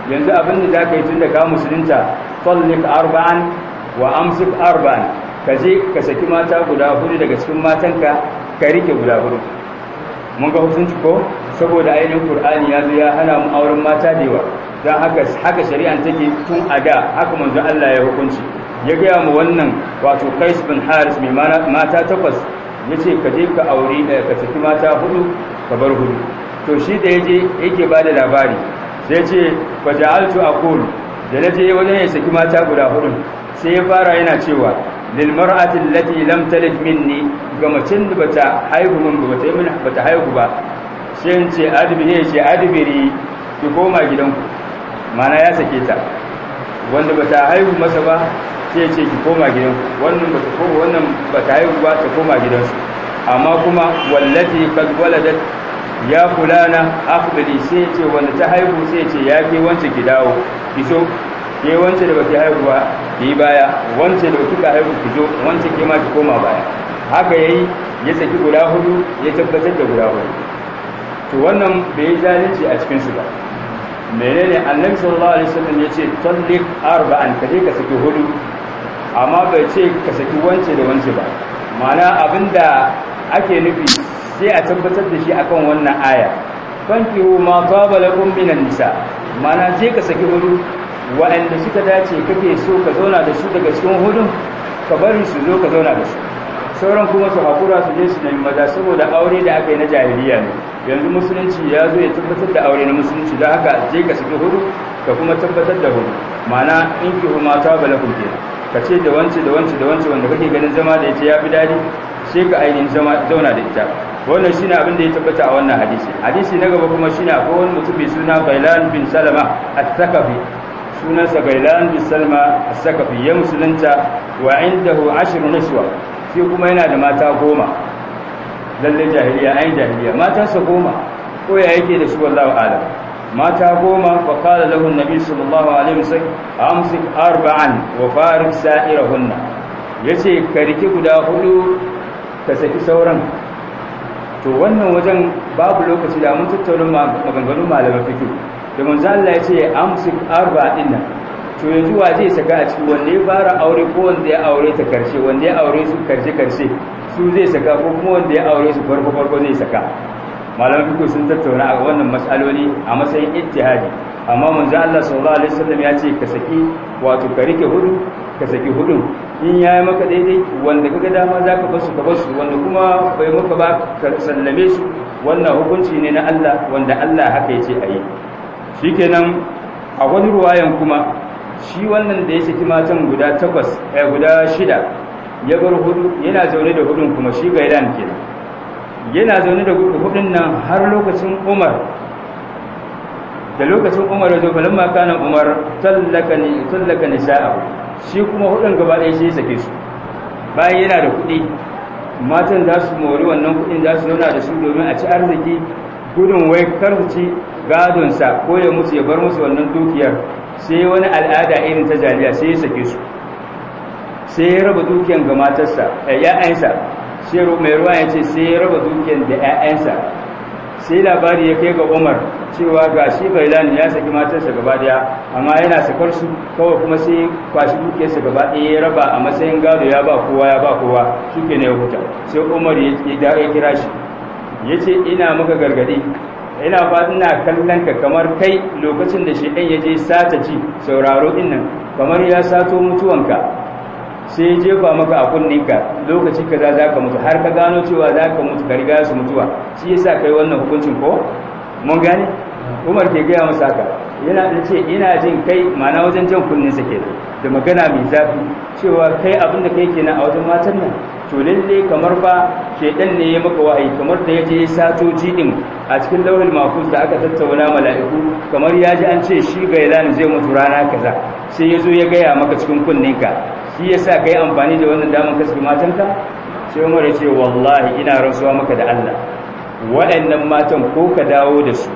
yanzu abinda za ka yi tun daga musulunta tallik arba'an wa amsik arba'an ka je ka saki mata guda hudu daga cikin matanka ka rike guda hudu mun ga hukunci ko saboda ainihin qur'ani ya zo ya hana mu auren mata da yawa dan haka haka shari'an take tun a da haka manzo Allah ya hukunci ya gaya mu wannan wato Qais bin Haris mai mata takwas yace ka je ka aure eh, ka saki mata hudu ka bar hudu to shi da yaje yake da labari sai yace fa ja'altu aqulu da naje wajen ya saki mata guda hudu sai ya fara yana cewa lil mar'ati allati lam talid minni ga macen da bata haihu min ba bata yi min bata haihu ba sai in ce adibi ya ce adibiri ki koma gidanku mana ya sake ta wanda bata haihu masa ba sai ce ki koma gidanku wannan bata koma wannan bata haihu ba ta koma gidansu amma kuma wallati kad waladat ya fulana afdali sai ce wanda ta haihu sai ce ya ke wance ki dawo ki so ke wance da baki haihu ba ki baya wance da baki haihu ki zo wance ke ma ki koma baya haka yayi ya saki guda hudu ya tabbatar da guda hudu to wannan bai yi zalunci a cikinsu su ba menene annabi sallallahu alaihi wasallam ya ce tallik arba'an kaje ka saki hudu amma bai ce ka saki wance da wance ba ma'ana abinda ake nufi sai a tabbatar da shi akan wannan aya fankihu ma taba lakum minan nisa ma'ana je ka saki hudu waɗanda suka dace kake so ka zauna da su daga cikin hudun ka bari su zo ka zauna da su sauran kuma su haƙura su je su nemi maza saboda aure da aka yi na jahiliya ne yanzu musulunci ya zo ya tabbatar da aure na musulunci da haka je ka suke hudu ka kuma tabbatar da hudu mana in ki huma ta bala kuke ka ce da wance da wance da wance wanda kake ganin zama da ita ya fi daɗi sai ka ainihin zauna da ita wannan shine abin da ya tabbata a wannan hadisi hadisi na gaba kuma shine akwai wani mutum mai suna Bailan bin Salama a takafi sunansa Bailan bin Salama takafi ya musulunta wa indahu ashru niswa shi kuma yana da mata goma lalle jahiliya an jahiliya matansa goma ko ya yake da shi wallahu alam mata goma fa qala lahu an-nabi sallallahu alaihi wasallam amsik arba'an wa farik sa'irahunna yace ka guda hudu ka saki sauran to wannan wajen babu lokaci da mun tattauna maganganun malaman fikih da manzo Allah yace amsik arba'in to yanzu wa zai shiga a ciki wanda ya fara aure ko wanda ya aure ta karshe wanda ya aure su karshe karshe su zai shiga ko kuma wanda ya aure su farko farko zai shiga malamin fiqh sun tattauna a wannan mas'aloli a matsayin ittihadi amma manzo Allah sallallahu alaihi wasallam ya ce ka saki wato ka rike hudu ka saki hudu in yayi maka daidai wanda kaga dama zaka ka ka basu wanda kuma bai maka ba ka sallame su wannan hukunci ne na Allah wanda Allah haka yace ayi shikenan a wani ruwayan kuma shi wannan da ya saki matan guda takwas eh, guda shida ya bar hudu yana zaune da hudun kuma shi ga iran ke. yana zaune da hudun nan har lokacin umar da lokacin umar zo falin makanan umar tallaka nisha'a shi kuma hudun gaba ɗaya shi ya sake su bayan yana da kuɗi matan za su mori wannan kuɗin za su zauna da su domin a ci arziki gudun wai kar su ci gadonsa ko ya mutu ya bar musu wannan dukiyar sai wani al'ada irin ta jariya sai ya sake su sai ya raba dukiyan ga matarsa a eh, ‘ya'yansa sai mai ruwa ya ce sai ya raba dukiyan da ‘ya'yansa sai labari ya kai ga umar cewa ga shi bailan ya saki matarsa gaba daya amma yana sakar su kawai kuma sai kwashi dukiyarsa gaba ɗaya ya raba a matsayin gado ya ba kowa ya ba kowa shi na ya huta sai umar ya kira shi ya ce ina maka gargaɗi ina ba ina kallon ka kamar kai lokacin da shedan ya je sata ci sauraro din nan kamar ya sato mutuwan ka, sai ya jefa maka a ka. lokaci kaza za ka mutu har ka gano cewa za ka mutu ka riga su mutuwa shi yasa kai wannan hukuncin ko mun gane umar ke gaya masa haka yana da ce ina jin kai mana wajen jan kunninsa ke da magana mai zafi cewa kai abinda da kai kenan a wajen matan nan to lalle kamar ba shedan ne ya maka wa'ayi kamar da yaje satoci din a cikin lauhul mafus da aka tattauna mala'iku kamar ya ji an ce shi gailan zai mutu rana kaza sai ya zo ya gaya maka cikin ka. shi yasa kai amfani da wannan damar kasbi matanka sai Umar ya ce wallahi ina rasuwa maka da Allah waɗannan matan ko ka dawo da su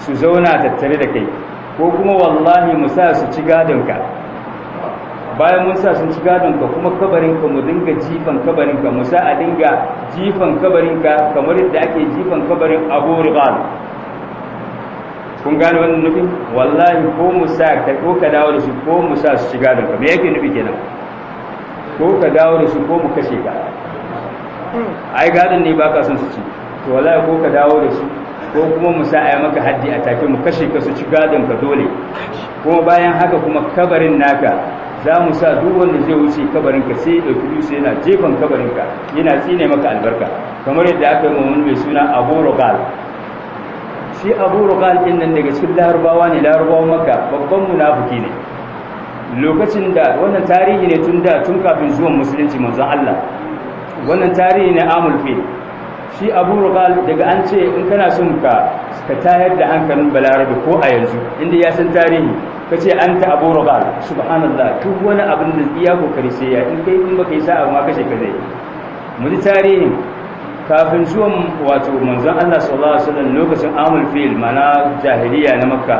su zauna tattare da kai ko kuma wallahi mu sa su ci gadon ka. bayan mun sa sun ci gadon ka kuma kabarin ka mu dinga jifan kabarin ka mu sa a dinga jifan kabarin ka kamar yadda ake jifan kabarin Abu Ribal kun gane wannan nufin wallahi ko mu sa ka ko ka dawo da su ko mu sa su ci gadon ka me yake nufi kenan ko ka dawo da su ko mu kashe ka ai gadon ne baka son su ci to wallahi ko ka dawo da su ko kuma mu sa ai maka haddi a take mu kashe ka su ci gadon ka dole kuma bayan haka kuma kabarin naka za mu sa duk wanda zai wuce kabarinka sai da kudu sai yana jefan kabarinka yana tsine maka albarka kamar yadda aka yi wani mai suna abu rogal shi abu rogal ɗin nan daga cikin larabawa ne larabawa maka babban munafuki ne lokacin da wannan tarihi ne tun da tun kafin zuwan musulunci manzon allah wannan tarihi ne amul fil shi abu rugal daga an ce in kana son ka ka tayar da hankalin balarabe ko a yanzu inda ya san tarihi ka ce an ta abu rugal subhanallah duk wani abin da iya kokari sai ya in kai in baka yi sa'a ma kashe ka zai mu ji tarihin kafin zuwan wato manzon Allah sallallahu alaihi wasallam lokacin amul fil mana jahiliya na makka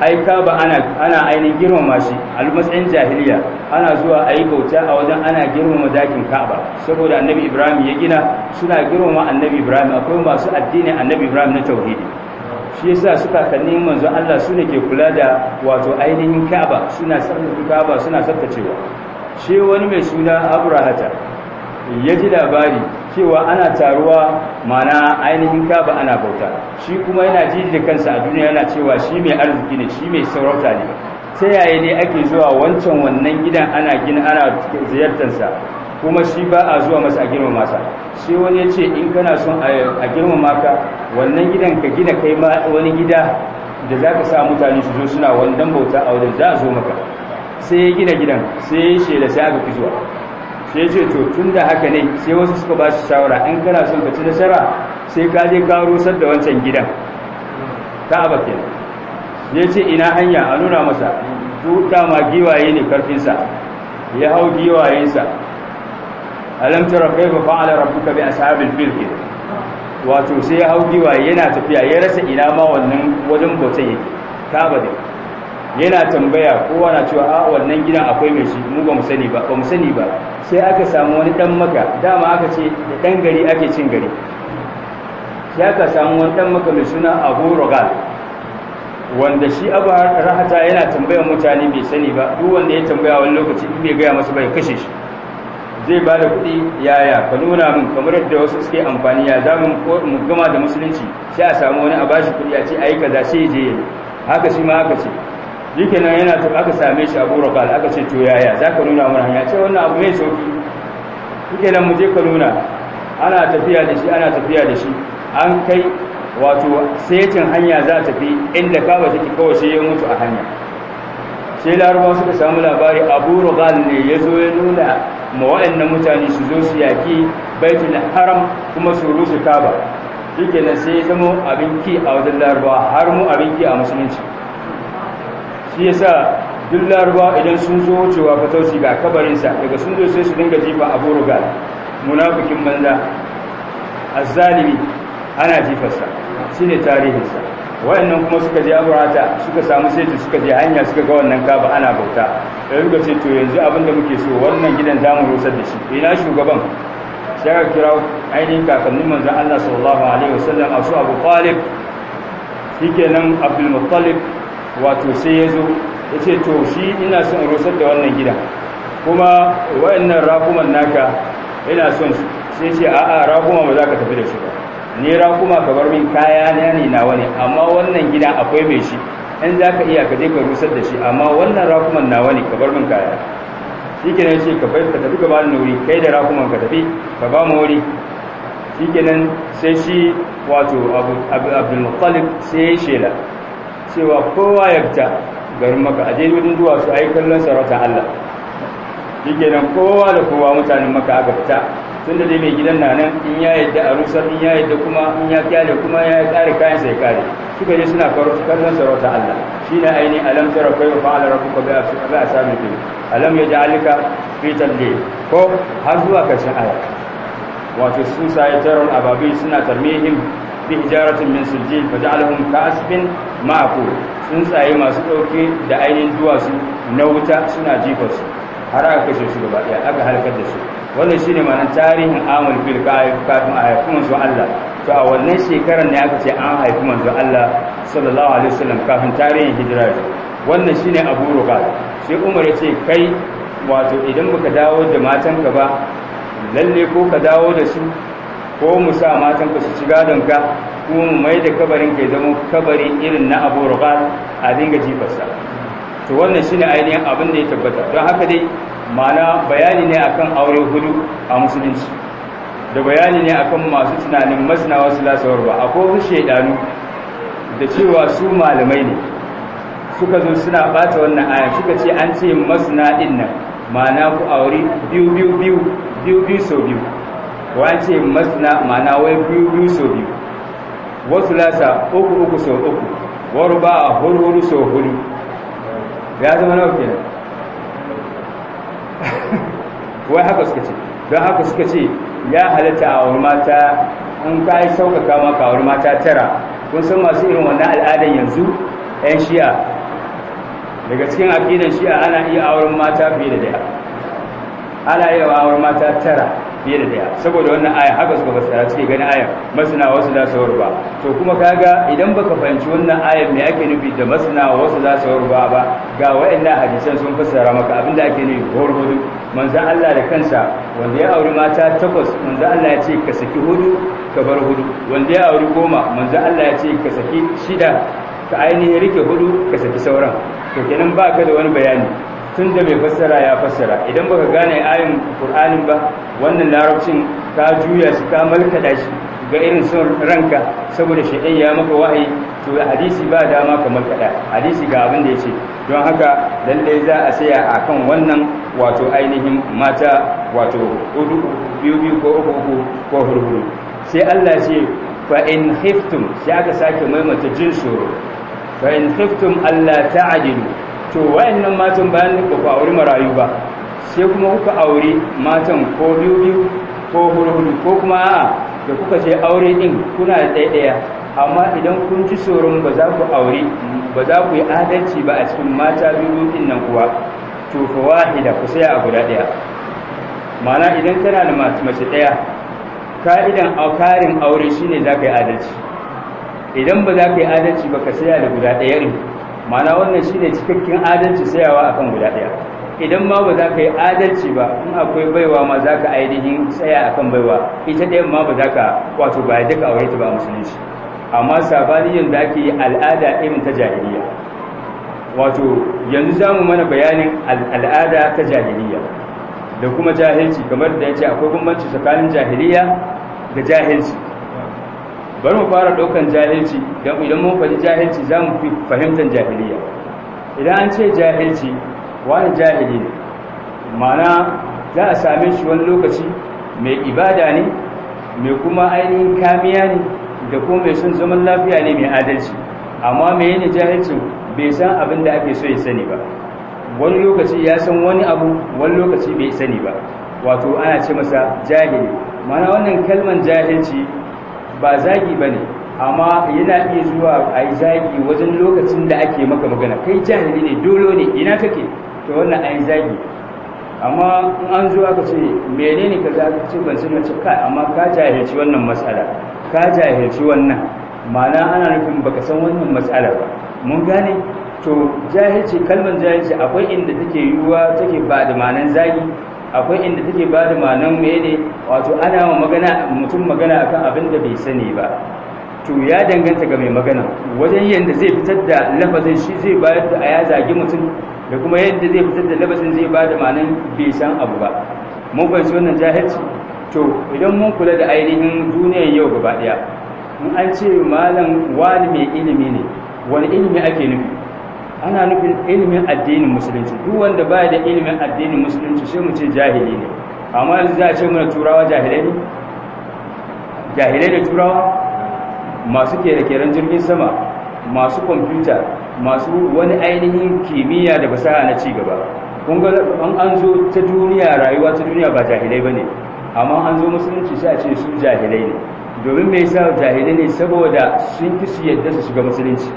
ai kaba ana ana ainihin girmama shi a matsayin jahiliya ana zuwa ayi bauta a wajen ana girmama dakin Ka'aba, saboda annabi ibrahim ya gina suna girmama annabi ibrahim akwai masu addinin annabi ibrahim na tauhidi shi yasa su kakanni manzo Allah su ke kula da wato ainihin Ka'aba, suna sarrafa ka'aba suna tsaftacewa shi wani mai suna abrahata ya ji labari cewa ana taruwa mana ainihin kaba ana bauta shi kuma yana ji da kansa a duniya yana cewa shi mai arziki ne shi mai sarauta ne ta yaya ne ake zuwa wancan wannan gidan ana gina ana ziyartarsa kuma shi ba a zuwa masa a girma masa shi wani ya ce in kana son a girma maka wannan gidan ka gina kai ma wani gida da za ka sa mutane su zo suna wannan bauta a wajen za a zo maka sai ya gina gidan sai ya shela sai aka fi zuwa sai ce to tun da haka ne sai wasu suka ba shi shawara in kana son ka ci nasara sai ka je ka rusar da wancan gidan Ta ke ya ce ina hanya a nuna masa tuta ma giwaye ne karfinsa ya hau giwayensa alam rafai ba fa'ala rabbuka bi ashabil fil wato sai ya hau giwaye yana tafiya ya rasa ina ma wannan wajen bautan yake Ta yana tambaya kowa na cewa a wannan gidan akwai mai shi mu ba mu sani ba ba mu sani ba sai aka samu wani dan maka dama aka ce da dan gari ake cin gari sai aka samu wani dan maka mai suna Abu Rogal wanda shi Abu Rahata yana tambayar mutane bai sani ba duk wanda ya tambaya wani lokaci in bai gaya masa bai kashe shi zai ba da kuɗi yaya ka nuna min kamar yadda wasu suke amfani ya za mu gama da musulunci sai a samu wani a bashi kuɗi a ce a yi kaza sai je haka shi ma haka ce yake nan yana to aka same shi abu rabal aka ce to yaya za ka nuna mana hanya ce wannan abu mai sauki yake nan mu ka nuna ana tafiya da shi ana tafiya da shi an kai wato setin hanya za tafi inda kaba take kawai sai ya mutu a hanya sai larabawa suka samu labari abu rabal ne ya zo ya nuna ma waɗannan mutane su zo su yaƙi baitul haram kuma su rushe kaba yake nan sai ya zama abin ki a wajen larabawa har mu abin ki a musulunci shi sa duk laruwa idan sun zo cewa fatauci ga kabarinsa daga sun zo sai su dinga jifa abu rugal munafikin banza zalimi ana jifarsa shi ne tarihinsa wayannan kuma suka je aburata suka samu saiti suka je hanya suka ga wannan kaba ana bauta da suka ce to yanzu abinda muke so wannan gidan za mu da shi ina shugaban sai aka kira ainihin kakannin manzan Allah sallallahu alaihi wasallam a su Abu Talib shi kenan Muttalib wato sai ya zo ya ce to shi ina son rusar da wannan gida kuma wa'annan rakuman naka ina son su sai ce a'a rakuma ba za ka tafi da shi ba ni rakuma ka bar min kaya na ne nawa ne amma wannan gida akwai mai shi in za ka iya ka je ka rusar da shi amma wannan rakuman nawa ne ka bar min kaya shi nan shi ka tafi ka bani wuri kai da rakuman ka tafi ka ba mu wuri shi nan sai shi wato abdulmuttalib sai ya shela cewa kowa ya fita garin maka a je wajen zuwa su ayi kallon sarauta Allah shikenan kowa da kowa mutanen maka aka fita da dai mai gidan na nan in ya yadda a rusar in ya yadda kuma in ya kyale kuma ya kare kayan sai kare suka je suna kallon sarauta Allah shi na aini alam tara kai wa fa'ala rabbuka bi asami bi asami bi alam yaj'alka fi tadlil ko har zuwa karshen aya wato sun sai taron ababi suna tarmihim bihijaratin min sujjil faj'alhum ka'asfin sun tsuntsaye masu dauke da ainihin duwatsu na wuta suna jifar su har aka kashe su gaba daya aka halkar da su wannan shine ma'anar tarihin amul fil kafin a haifi manzo Allah to a wannan shekarar ne aka ce an haifi manzo Allah sallallahu alaihi wasallam kafin tarihin hijira wannan shine Abu sai Umar ya ce kai wato idan baka dawo da matanka ba lalle ko ka dawo da su ko mu sa matan ka su ci gadon ka ko mu mai da kabarin ke zama kabari irin na abu rubat a dinga jifarsa to wannan shine ainihin abin da ya tabbata don haka dai Mana bayani ne akan aure hudu a musulunci da bayani ne akan masu tunanin masnawa wasu lasawar ba akwai wasu shaidanu da cewa su malamai ne suka zo suna bata wannan aya suka ce an ce masna din nan Mana ku aure biyu biyu biyu biyu biyu sau biyu wa ce masna mana wai biyu biyu so biyu wasu lasa uku uku so uku waru ba a hurhuru so hulu ya zama nawa wakil wai haka suka ce don haka suka ce ya halatta a wani mata in ka yi sauƙaƙa maka a wani mata tara kun san masu irin wannan al'adan yanzu 'yan shiya daga cikin akidan shiya ana iya auren mata fiye da daya ana iya auren mata tara fiye da daya saboda wannan aya haka suka fassara suke gani aya masana wasu za su warba to kuma kaga idan baka fahimci wannan ayar me ake nufi da masana wasu za su warba ba ga wayannan hadisan sun fassara maka da ake nufi hor hudu manzo Allah da kansa wanda ya auri mata takwas manzo Allah ya ce ka saki hudu ka bar hudu wanda ya auri goma manzo Allah ya ce ka saki shida ka ainihin rike hudu ka saki sauran to kenan baka da wani bayani tun da mai fassara ya fassara idan baka gane ayin qur'anin ba wannan larabcin ka juya su ka malkada shi ga irin son ranka saboda shaidan ya maka wa'ayi to hadisi ba dama ka malkada hadisi ga abin da yace don haka lallai za a saya a kan wannan wato ainihin mata wato biyu biyu ko uku uku ko hurhuru sai Allah ce fa in khiftum sai aka sake maimaita jin tsoro fa in khiftum alla ta'dilu to nan matan bayan ba ku auri marayu ba sai kuma kuka auri matan ko biyu biyu ko huru ko kuma a'a da kuka je aure din kuna da ɗaya amma idan kun ci tsoron ba za ku aure ba za ku yi adalci ba a cikin mata biyu din nan kuwa to fa wahida ku sai a guda ɗaya mana idan kana da mace ɗaya ka'idan karin aure shine za ka yi adalci idan ba za ka yi adalci ba ka sai da guda ɗaya mana wannan shi ne cikakken adalci tsayawa akan guda ɗaya idan ma ba za ka yi adalci ba in akwai baiwa ma za ka ainihin tsaya akan baiwa ita ɗaya ma ba za ka wato ba duka aure ta ba musulunci amma sabani yanzu ake yi al'ada irin ta jahiliya wato yanzu za mu mana bayanin al'ada ta jahiliya da kuma jahilci kamar da ya ce akwai bambanci tsakanin jahiliya da jahilci bari mu fara ɗaukan jahilci idan mun faɗi jahilci za mu fi fahimtar jahiliya idan an ce jahilci wani jahili ne mana za a same shi wani lokaci mai ibada ne mai kuma ainihin kamiya ne da kuma mai son zaman lafiya ne mai adalci amma mai yana jahilci bai san abin da ake so ya sani ba wani lokaci ya san wani abu wani lokaci bai sani ba wato ana ce masa jahili mana wannan kalman jahilci ba zagi ba ne amma yana iya zuwa a yi zagi wajen lokacin da ake maka magana kai jahili ne dolo ne ina kake to wannan a yi zagi amma in an zuwa ka ce menene ka za ce ban sun ce kai amma ka jahilci wannan matsala ka jahilci wannan ma'ana ana nufin baka san wannan matsala ba mun gane to jahilci kalmar jahilci akwai inda take yiwuwa take ba da manan zagi akwai inda take ba da manan mene wato ana magana mutum magana akan abin da bai sani ba to ya danganta ga mai magana wajen yadda zai fitar da lafazin shi zai bayar da a ya zagi mutum da kuma yadda zai fitar da lafazin zai ba da manan bai san abu ba mun fahimci wannan jahilci to idan mun kula da ainihin duniyar yau gaba daya mun an ce malam wani mai ilimi ne wani ilimi ake nufi ana nufin ilimin addinin musulunci duk wanda baya da ilimin addinin musulunci sai mu ce jahili ne amma yanzu za a ce mana turawa jahilai ne jahilai da turawa masu kere-keren jirgin sama masu kwamfuta masu wani ainihin kimiyya da fasaha na cigaba an an zo ta duniya rayuwa ta duniya ba jahilai ba ne amma an zo musulunci sai a ce su jahilai ne domin mai sa jahilai ne saboda sun fi su yadda su shiga musulunci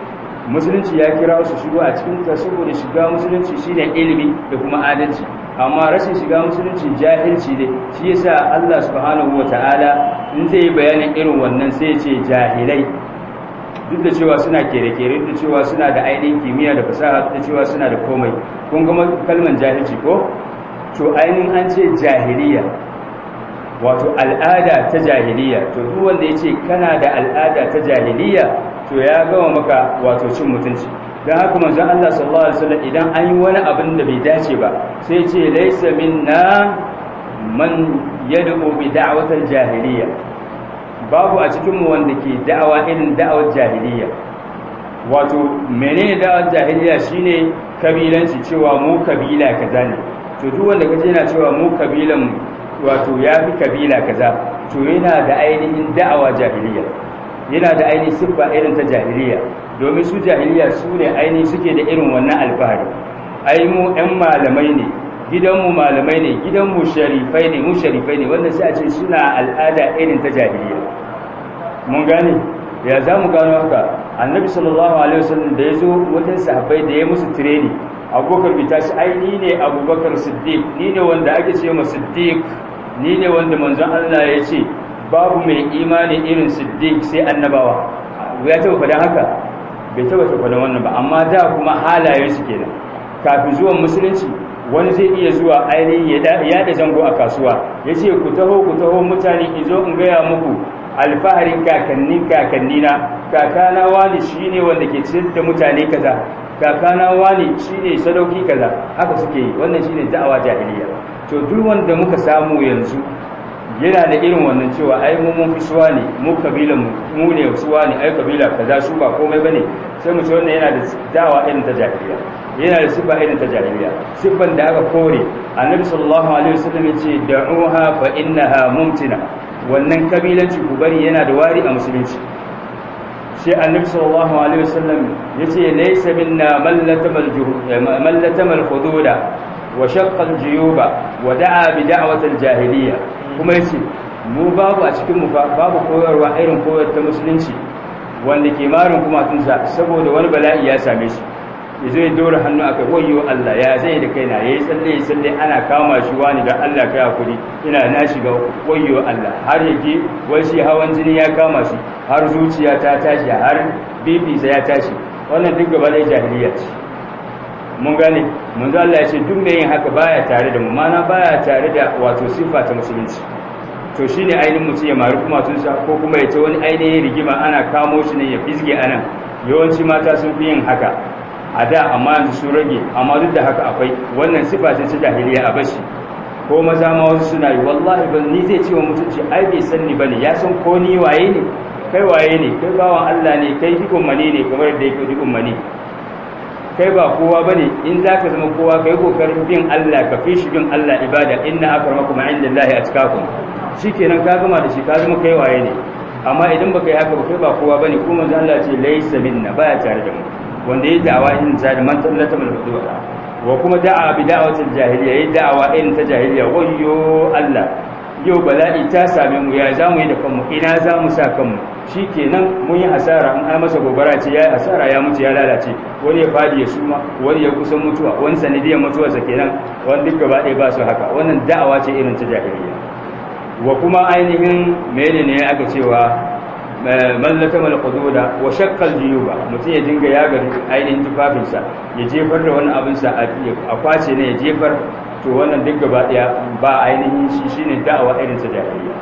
musulunci ya kira su shigo a cikin ta saboda shiga musulunci shine ilimi da kuma adalci amma rashin shiga musulunci jahilci ne shi yasa Allah subhanahu ta'ala in zai yi bayanin irin wannan sai ce jahilai duk da cewa suna kere-kere duk da cewa suna da ainihin kimiyya da fasaha duk da cewa suna da komai kun gama kalmar jahilci ko to ainihin an ce jahiliya wato al'ada ta jahiliya to duk wanda ya ce kana da al'ada ta jahiliya to ya gama maka wato cin mutunci don haka manzon Allah sallallahu alaihi wasallam idan an yi wani abin da bai dace ba sai ce laysa minna man yad'u bi da'watil jahiliya babu a cikin mu wanda ke da'awa irin da'awar jahiliya wato menene da'awar jahiliya shine kabilanci cewa mu kabila kaza ne to duk wanda kaje yana cewa mu kabilan mu wato ya fi kabila kaza to yana da ainihin da'awa jahiliya yana da ainihin siffa irin ta jahiliya domin su jahiliya su ne ainihin suke da irin wannan alfahari ai mu ɗan malamai ne gidanmu malamai ne gidanmu sharifai ne mu sharifai ne wannan sai a ce suna al'ada irin ta jahiliya mun gane ya za mu gano haka annabi sallallahu alaihi wasallam da ya zo wajen sahabbai da ya musu tireni abubakar bai tashi ai ni ne abubakar siddiq ni ne wanda ake ce ma siddiq ni ne wanda manzon Allah ya ce babu mai imani irin siddiq sai annabawa ya taba faɗa haka bai taba faɗa wannan ba amma da kuma halaye su kenan kafin zuwan musulunci wani zai iya zuwa ainihin ya da zango a kasuwa ya ce ku taho ku taho mutane ki zo in gaya muku alfaharin kakannin kakannina kakana wani shi ne wanda ke ciyar da mutane kaza kakana wani shine sadauki kaza haka suke yi wannan shine da'awa jahiliya to duk wanda muka samu yanzu yana da irin wannan cewa ai mu mun fi suwa ne mu kabila mu ne suwa ne ai kabila kaza su ba komai bane sai mu ce wannan yana da da'awa irin ta jahiliya yana da sifa irin ta jahiliya sifan da aka kore annabi sallallahu alaihi wasallam ya ce da'uha fa innaha mumtina wannan kabilanci ku bari yana da wari a musulunci sai annabi sallallahu alaihi wasallam yace laysa minna man latamal man latamal hududa wa shaqqa al-juyuba wa da'a bi da'wati al-jahiliyya kuma yace mu babu a cikin mu babu koyarwa irin koyar ta musulunci wanda ke marin kuma saboda wani bala'i ya same shi yazo ya dora hannu akai wayyo Allah ya zai da kaina yayi tsalle yayi tsalle ana kama shi wani da Allah kai hakuri ina na shiga wayyo Allah har yake wai shi hawan jini ya kama shi har zuciya ta tashi har bibisa ya tashi wannan duk gaba da jahiliya ce mun gane mun Allah ya ce duk mai yin haka baya tare da mu mana baya tare da wato sifa ta musulunci to shine ainihin mutum ya mari kuma tun sa ko kuma ya ta wani ainihin rigima ana kamo shi ne ya fizge anan yawanci mata sun fi yin haka a da amma yanzu sun rage amma duk da haka akwai wannan sifa ce ta jahiliya a bashi ko maza ma wasu suna yi wallahi ban ni zai ce wa mutunci ai bai san ni bane ya san ko ni waye ne kai waye ne kai bawan Allah ne kai jikon mani ne kamar da yake jikon mani kai ba kowa bane in za ka zama kowa kai kokarin bin Allah ka fi shi bin Allah ibada inna akramakum indallahi atqakum shikenan ka gama da shi ka zama kai waye ne amma idan baka yi haka ba kai ba kowa bane ko manzo Allah ce laysa minna baya tare da mu wanda ya da'awa in za da man ta mal wa kuma da'a bi da'awatil jahiliya ya da'awa in ta jahiliya wayyo Allah yau bala'i ta same mu ya za mu yi da kanmu ina za mu sa kanmu shi kenan mun yi hasara an masa gobara ce ya yi hasara ya mutu ya lalace wani ya fadi ya suma wani ya kusan mutuwa wani sanadiyar mutuwarsa kenan wani duk gaba ɗaya ba su haka wannan da'awa ce irin ta jahiliya wa kuma ainihin mene ne aka cewa mallaka mal qududa wa al juyuba mutum ya dinga yaga ainihin tufafinsa ya jefar da wani abinsa a kwace ne ya jefar to wannan duk gaba daya ba ainihin shi shine da'awa irin ta jahiliya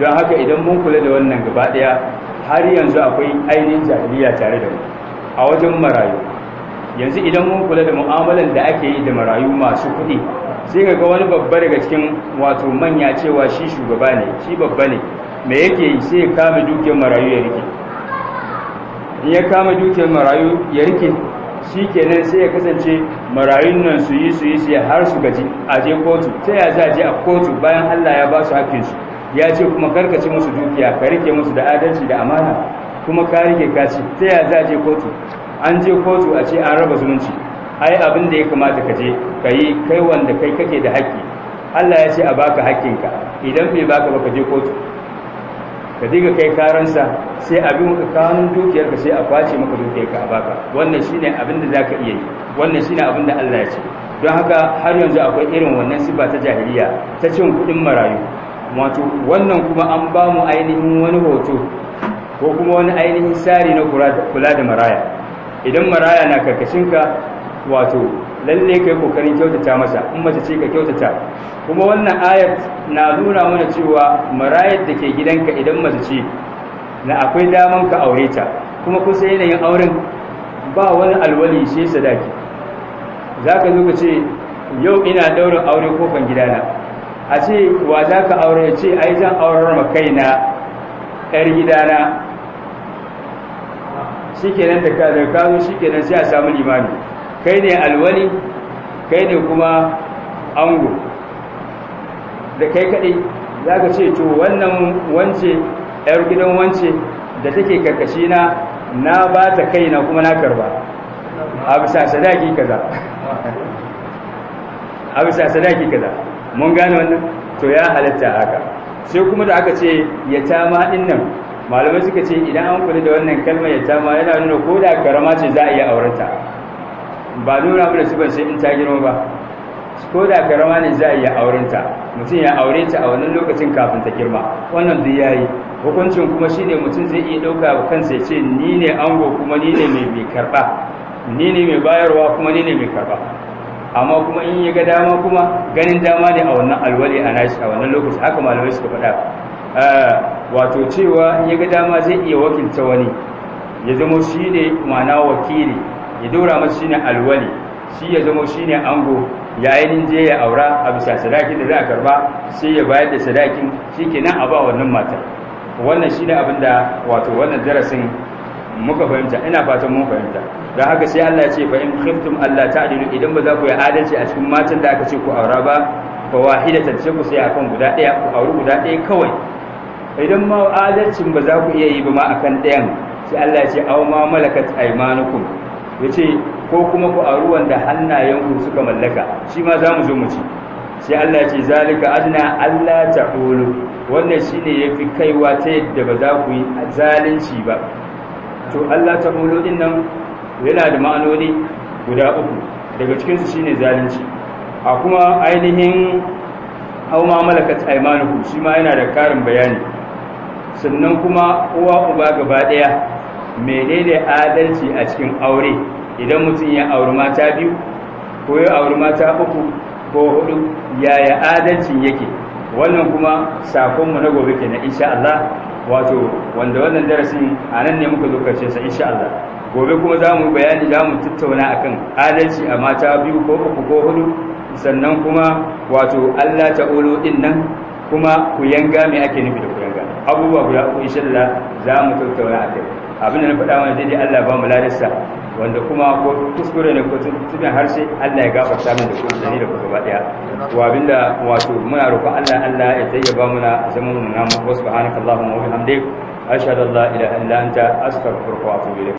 don haka idan mun kula da wannan gaba daya har yanzu akwai ainihin jahiliya tare da mu a wajen marayu yanzu idan mun kula da mu'amalan da ake yi da marayu masu kuɗi sai ga wani babba daga cikin wato manya cewa shi shugaba ne shi babba ne me yake yi sai ya kama dukiyar marayu ya rike in ya kama dukiyar marayu ya rike shi kenan sai ya kasance marayun nan su yi su yi su har su gaji a je kotu ta ya za a je a kotu bayan Allah ya ba su haƙƙinsu ya ce kuma karkace musu dukiya ka rike musu da adalci da amana kuma ka rike kaci ta ya za a je kotu an je kotu a ce an raba zumunci ai abin da ya kamata ka je ka yi kai wanda kai kake da haƙƙi Allah ya ce a baka haƙƙinka idan bai baka ba ka je kotu ka diga kai karansa sai abin kanun dukiyarka sai a kwace maka dukiyarka a baka wannan shine abin da zaka iya yi wannan shine abin da Allah ya ce don haka har yanzu akwai irin wannan sifa ta jahiliya ta cin kuɗin marayu wato wannan kuma an ba mu ainihin wani hoto ko kuma wani ainihin sari na kula da maraya idan maraya na karkashinka wato lalle kai kokarin kyautata masa in mace ce ka kyautata kuma wannan ayat na nuna mana cewa marayar da ke gidanka idan mace ce na akwai daman ka aure ta kuma kusa yanayin auren ba wani alwali sai sadaki za ka zo ka ce yau ina daurin aure kofan gidana a ce wa za ka aure ya ce ai zan aurar ma kaina yar gidana shikenan da ka zo shikenan sai a samu limani. kai ne alwali kai ne kuma ango da kai kaɗai za ka ce to wannan wance ‘yar gidan wance da take karkashi na na ba ta kai na kuma na karba a bisa sadaki kaza a bisa sadaki kaza mun gane wannan to ya halitta haka sai kuma da aka ce ya tama ɗin nan malamai suka ce idan an kula da wannan kalmar ya ma yana nuna ko da karama ce za a iya aurata ba nuna mana sifar sai in ta girma ba ko da karama ne za a iya aurenta mutum ya aure ta a wannan lokacin kafin ta girma wannan duk yayi hukuncin kuma shine mutum zai iya dauka wa kansa ya ce ni ne ango kuma ni ne mai mai karba ni ne mai bayarwa kuma ni ne mai karba amma kuma in ya ga dama kuma ganin dama ne a wannan alwali a nashi a wannan lokacin, haka malamai suka faɗa eh, wato cewa in ya ga dama zai iya wakilta wani ya zama shi ne ma'ana wakili ya daura masa shine alwali shi ya zama shine ango ya ainihin je ya aura a bisa sadaki da za a karba sai ya bayar da sadakin nan a ba wannan matar wannan shine abin da wato wannan darasin muka fahimta ina fatan mun fahimta don haka sai Allah ya ce fa in khiftum Allah ta'dilu idan ba za ku yi adalci a cikin matan da aka ce ku aura ba fa wahidatan ce ku sai akan guda ɗaya ku auri guda ɗaya kawai idan ma adalcin ba za ku iya yi ba ma akan ɗayan sai Allah ya ce aw ma malakat aymanukum ya ce ko kuma ku a ruwan da hannayenku suka mallaka shi ma za mu zo mu ci sai Allah ce zalika adna Allah ta wannan shine yafi kaiwa ta yadda ba za ku yi zalunci ba to Allah ta din nan yana da ma'anoni guda uku daga cikinsu su shine zalunci a kuma ainihin au ma malakat aymanukum shi ma yana da karin bayani sannan kuma uwa uba gaba daya menene adalci a cikin aure idan mutum ya auri mata biyu ko ya auri mata uku ko hudu yaya adalci yake wannan kuma sakonmu na gobe na insha Allah wato wanda wannan darasin a nan ne muka zo karshe sa insha Allah gobe kuma za mu bayani za mu tattauna akan adalci a mata biyu ko uku ko hudu sannan kuma wato Allah ta'ala din nan kuma ku yanga me ake nufi da ku yanga abubuwa guda uku insha Allah za mu tattauna akai abin da na faɗa mana daidai Allah ba mu ladarsa wanda kuma ko kuskure ne ko tubin harshe Allah ya gafarta min da ku da da ku gaba daya to abinda wato muna roƙon Allah Allah ya tayyaba muna zaman mu na mu subhanakallahumma wa bihamdik ashhadu an la ilaha illa anta astaghfiruka wa atubu ilayk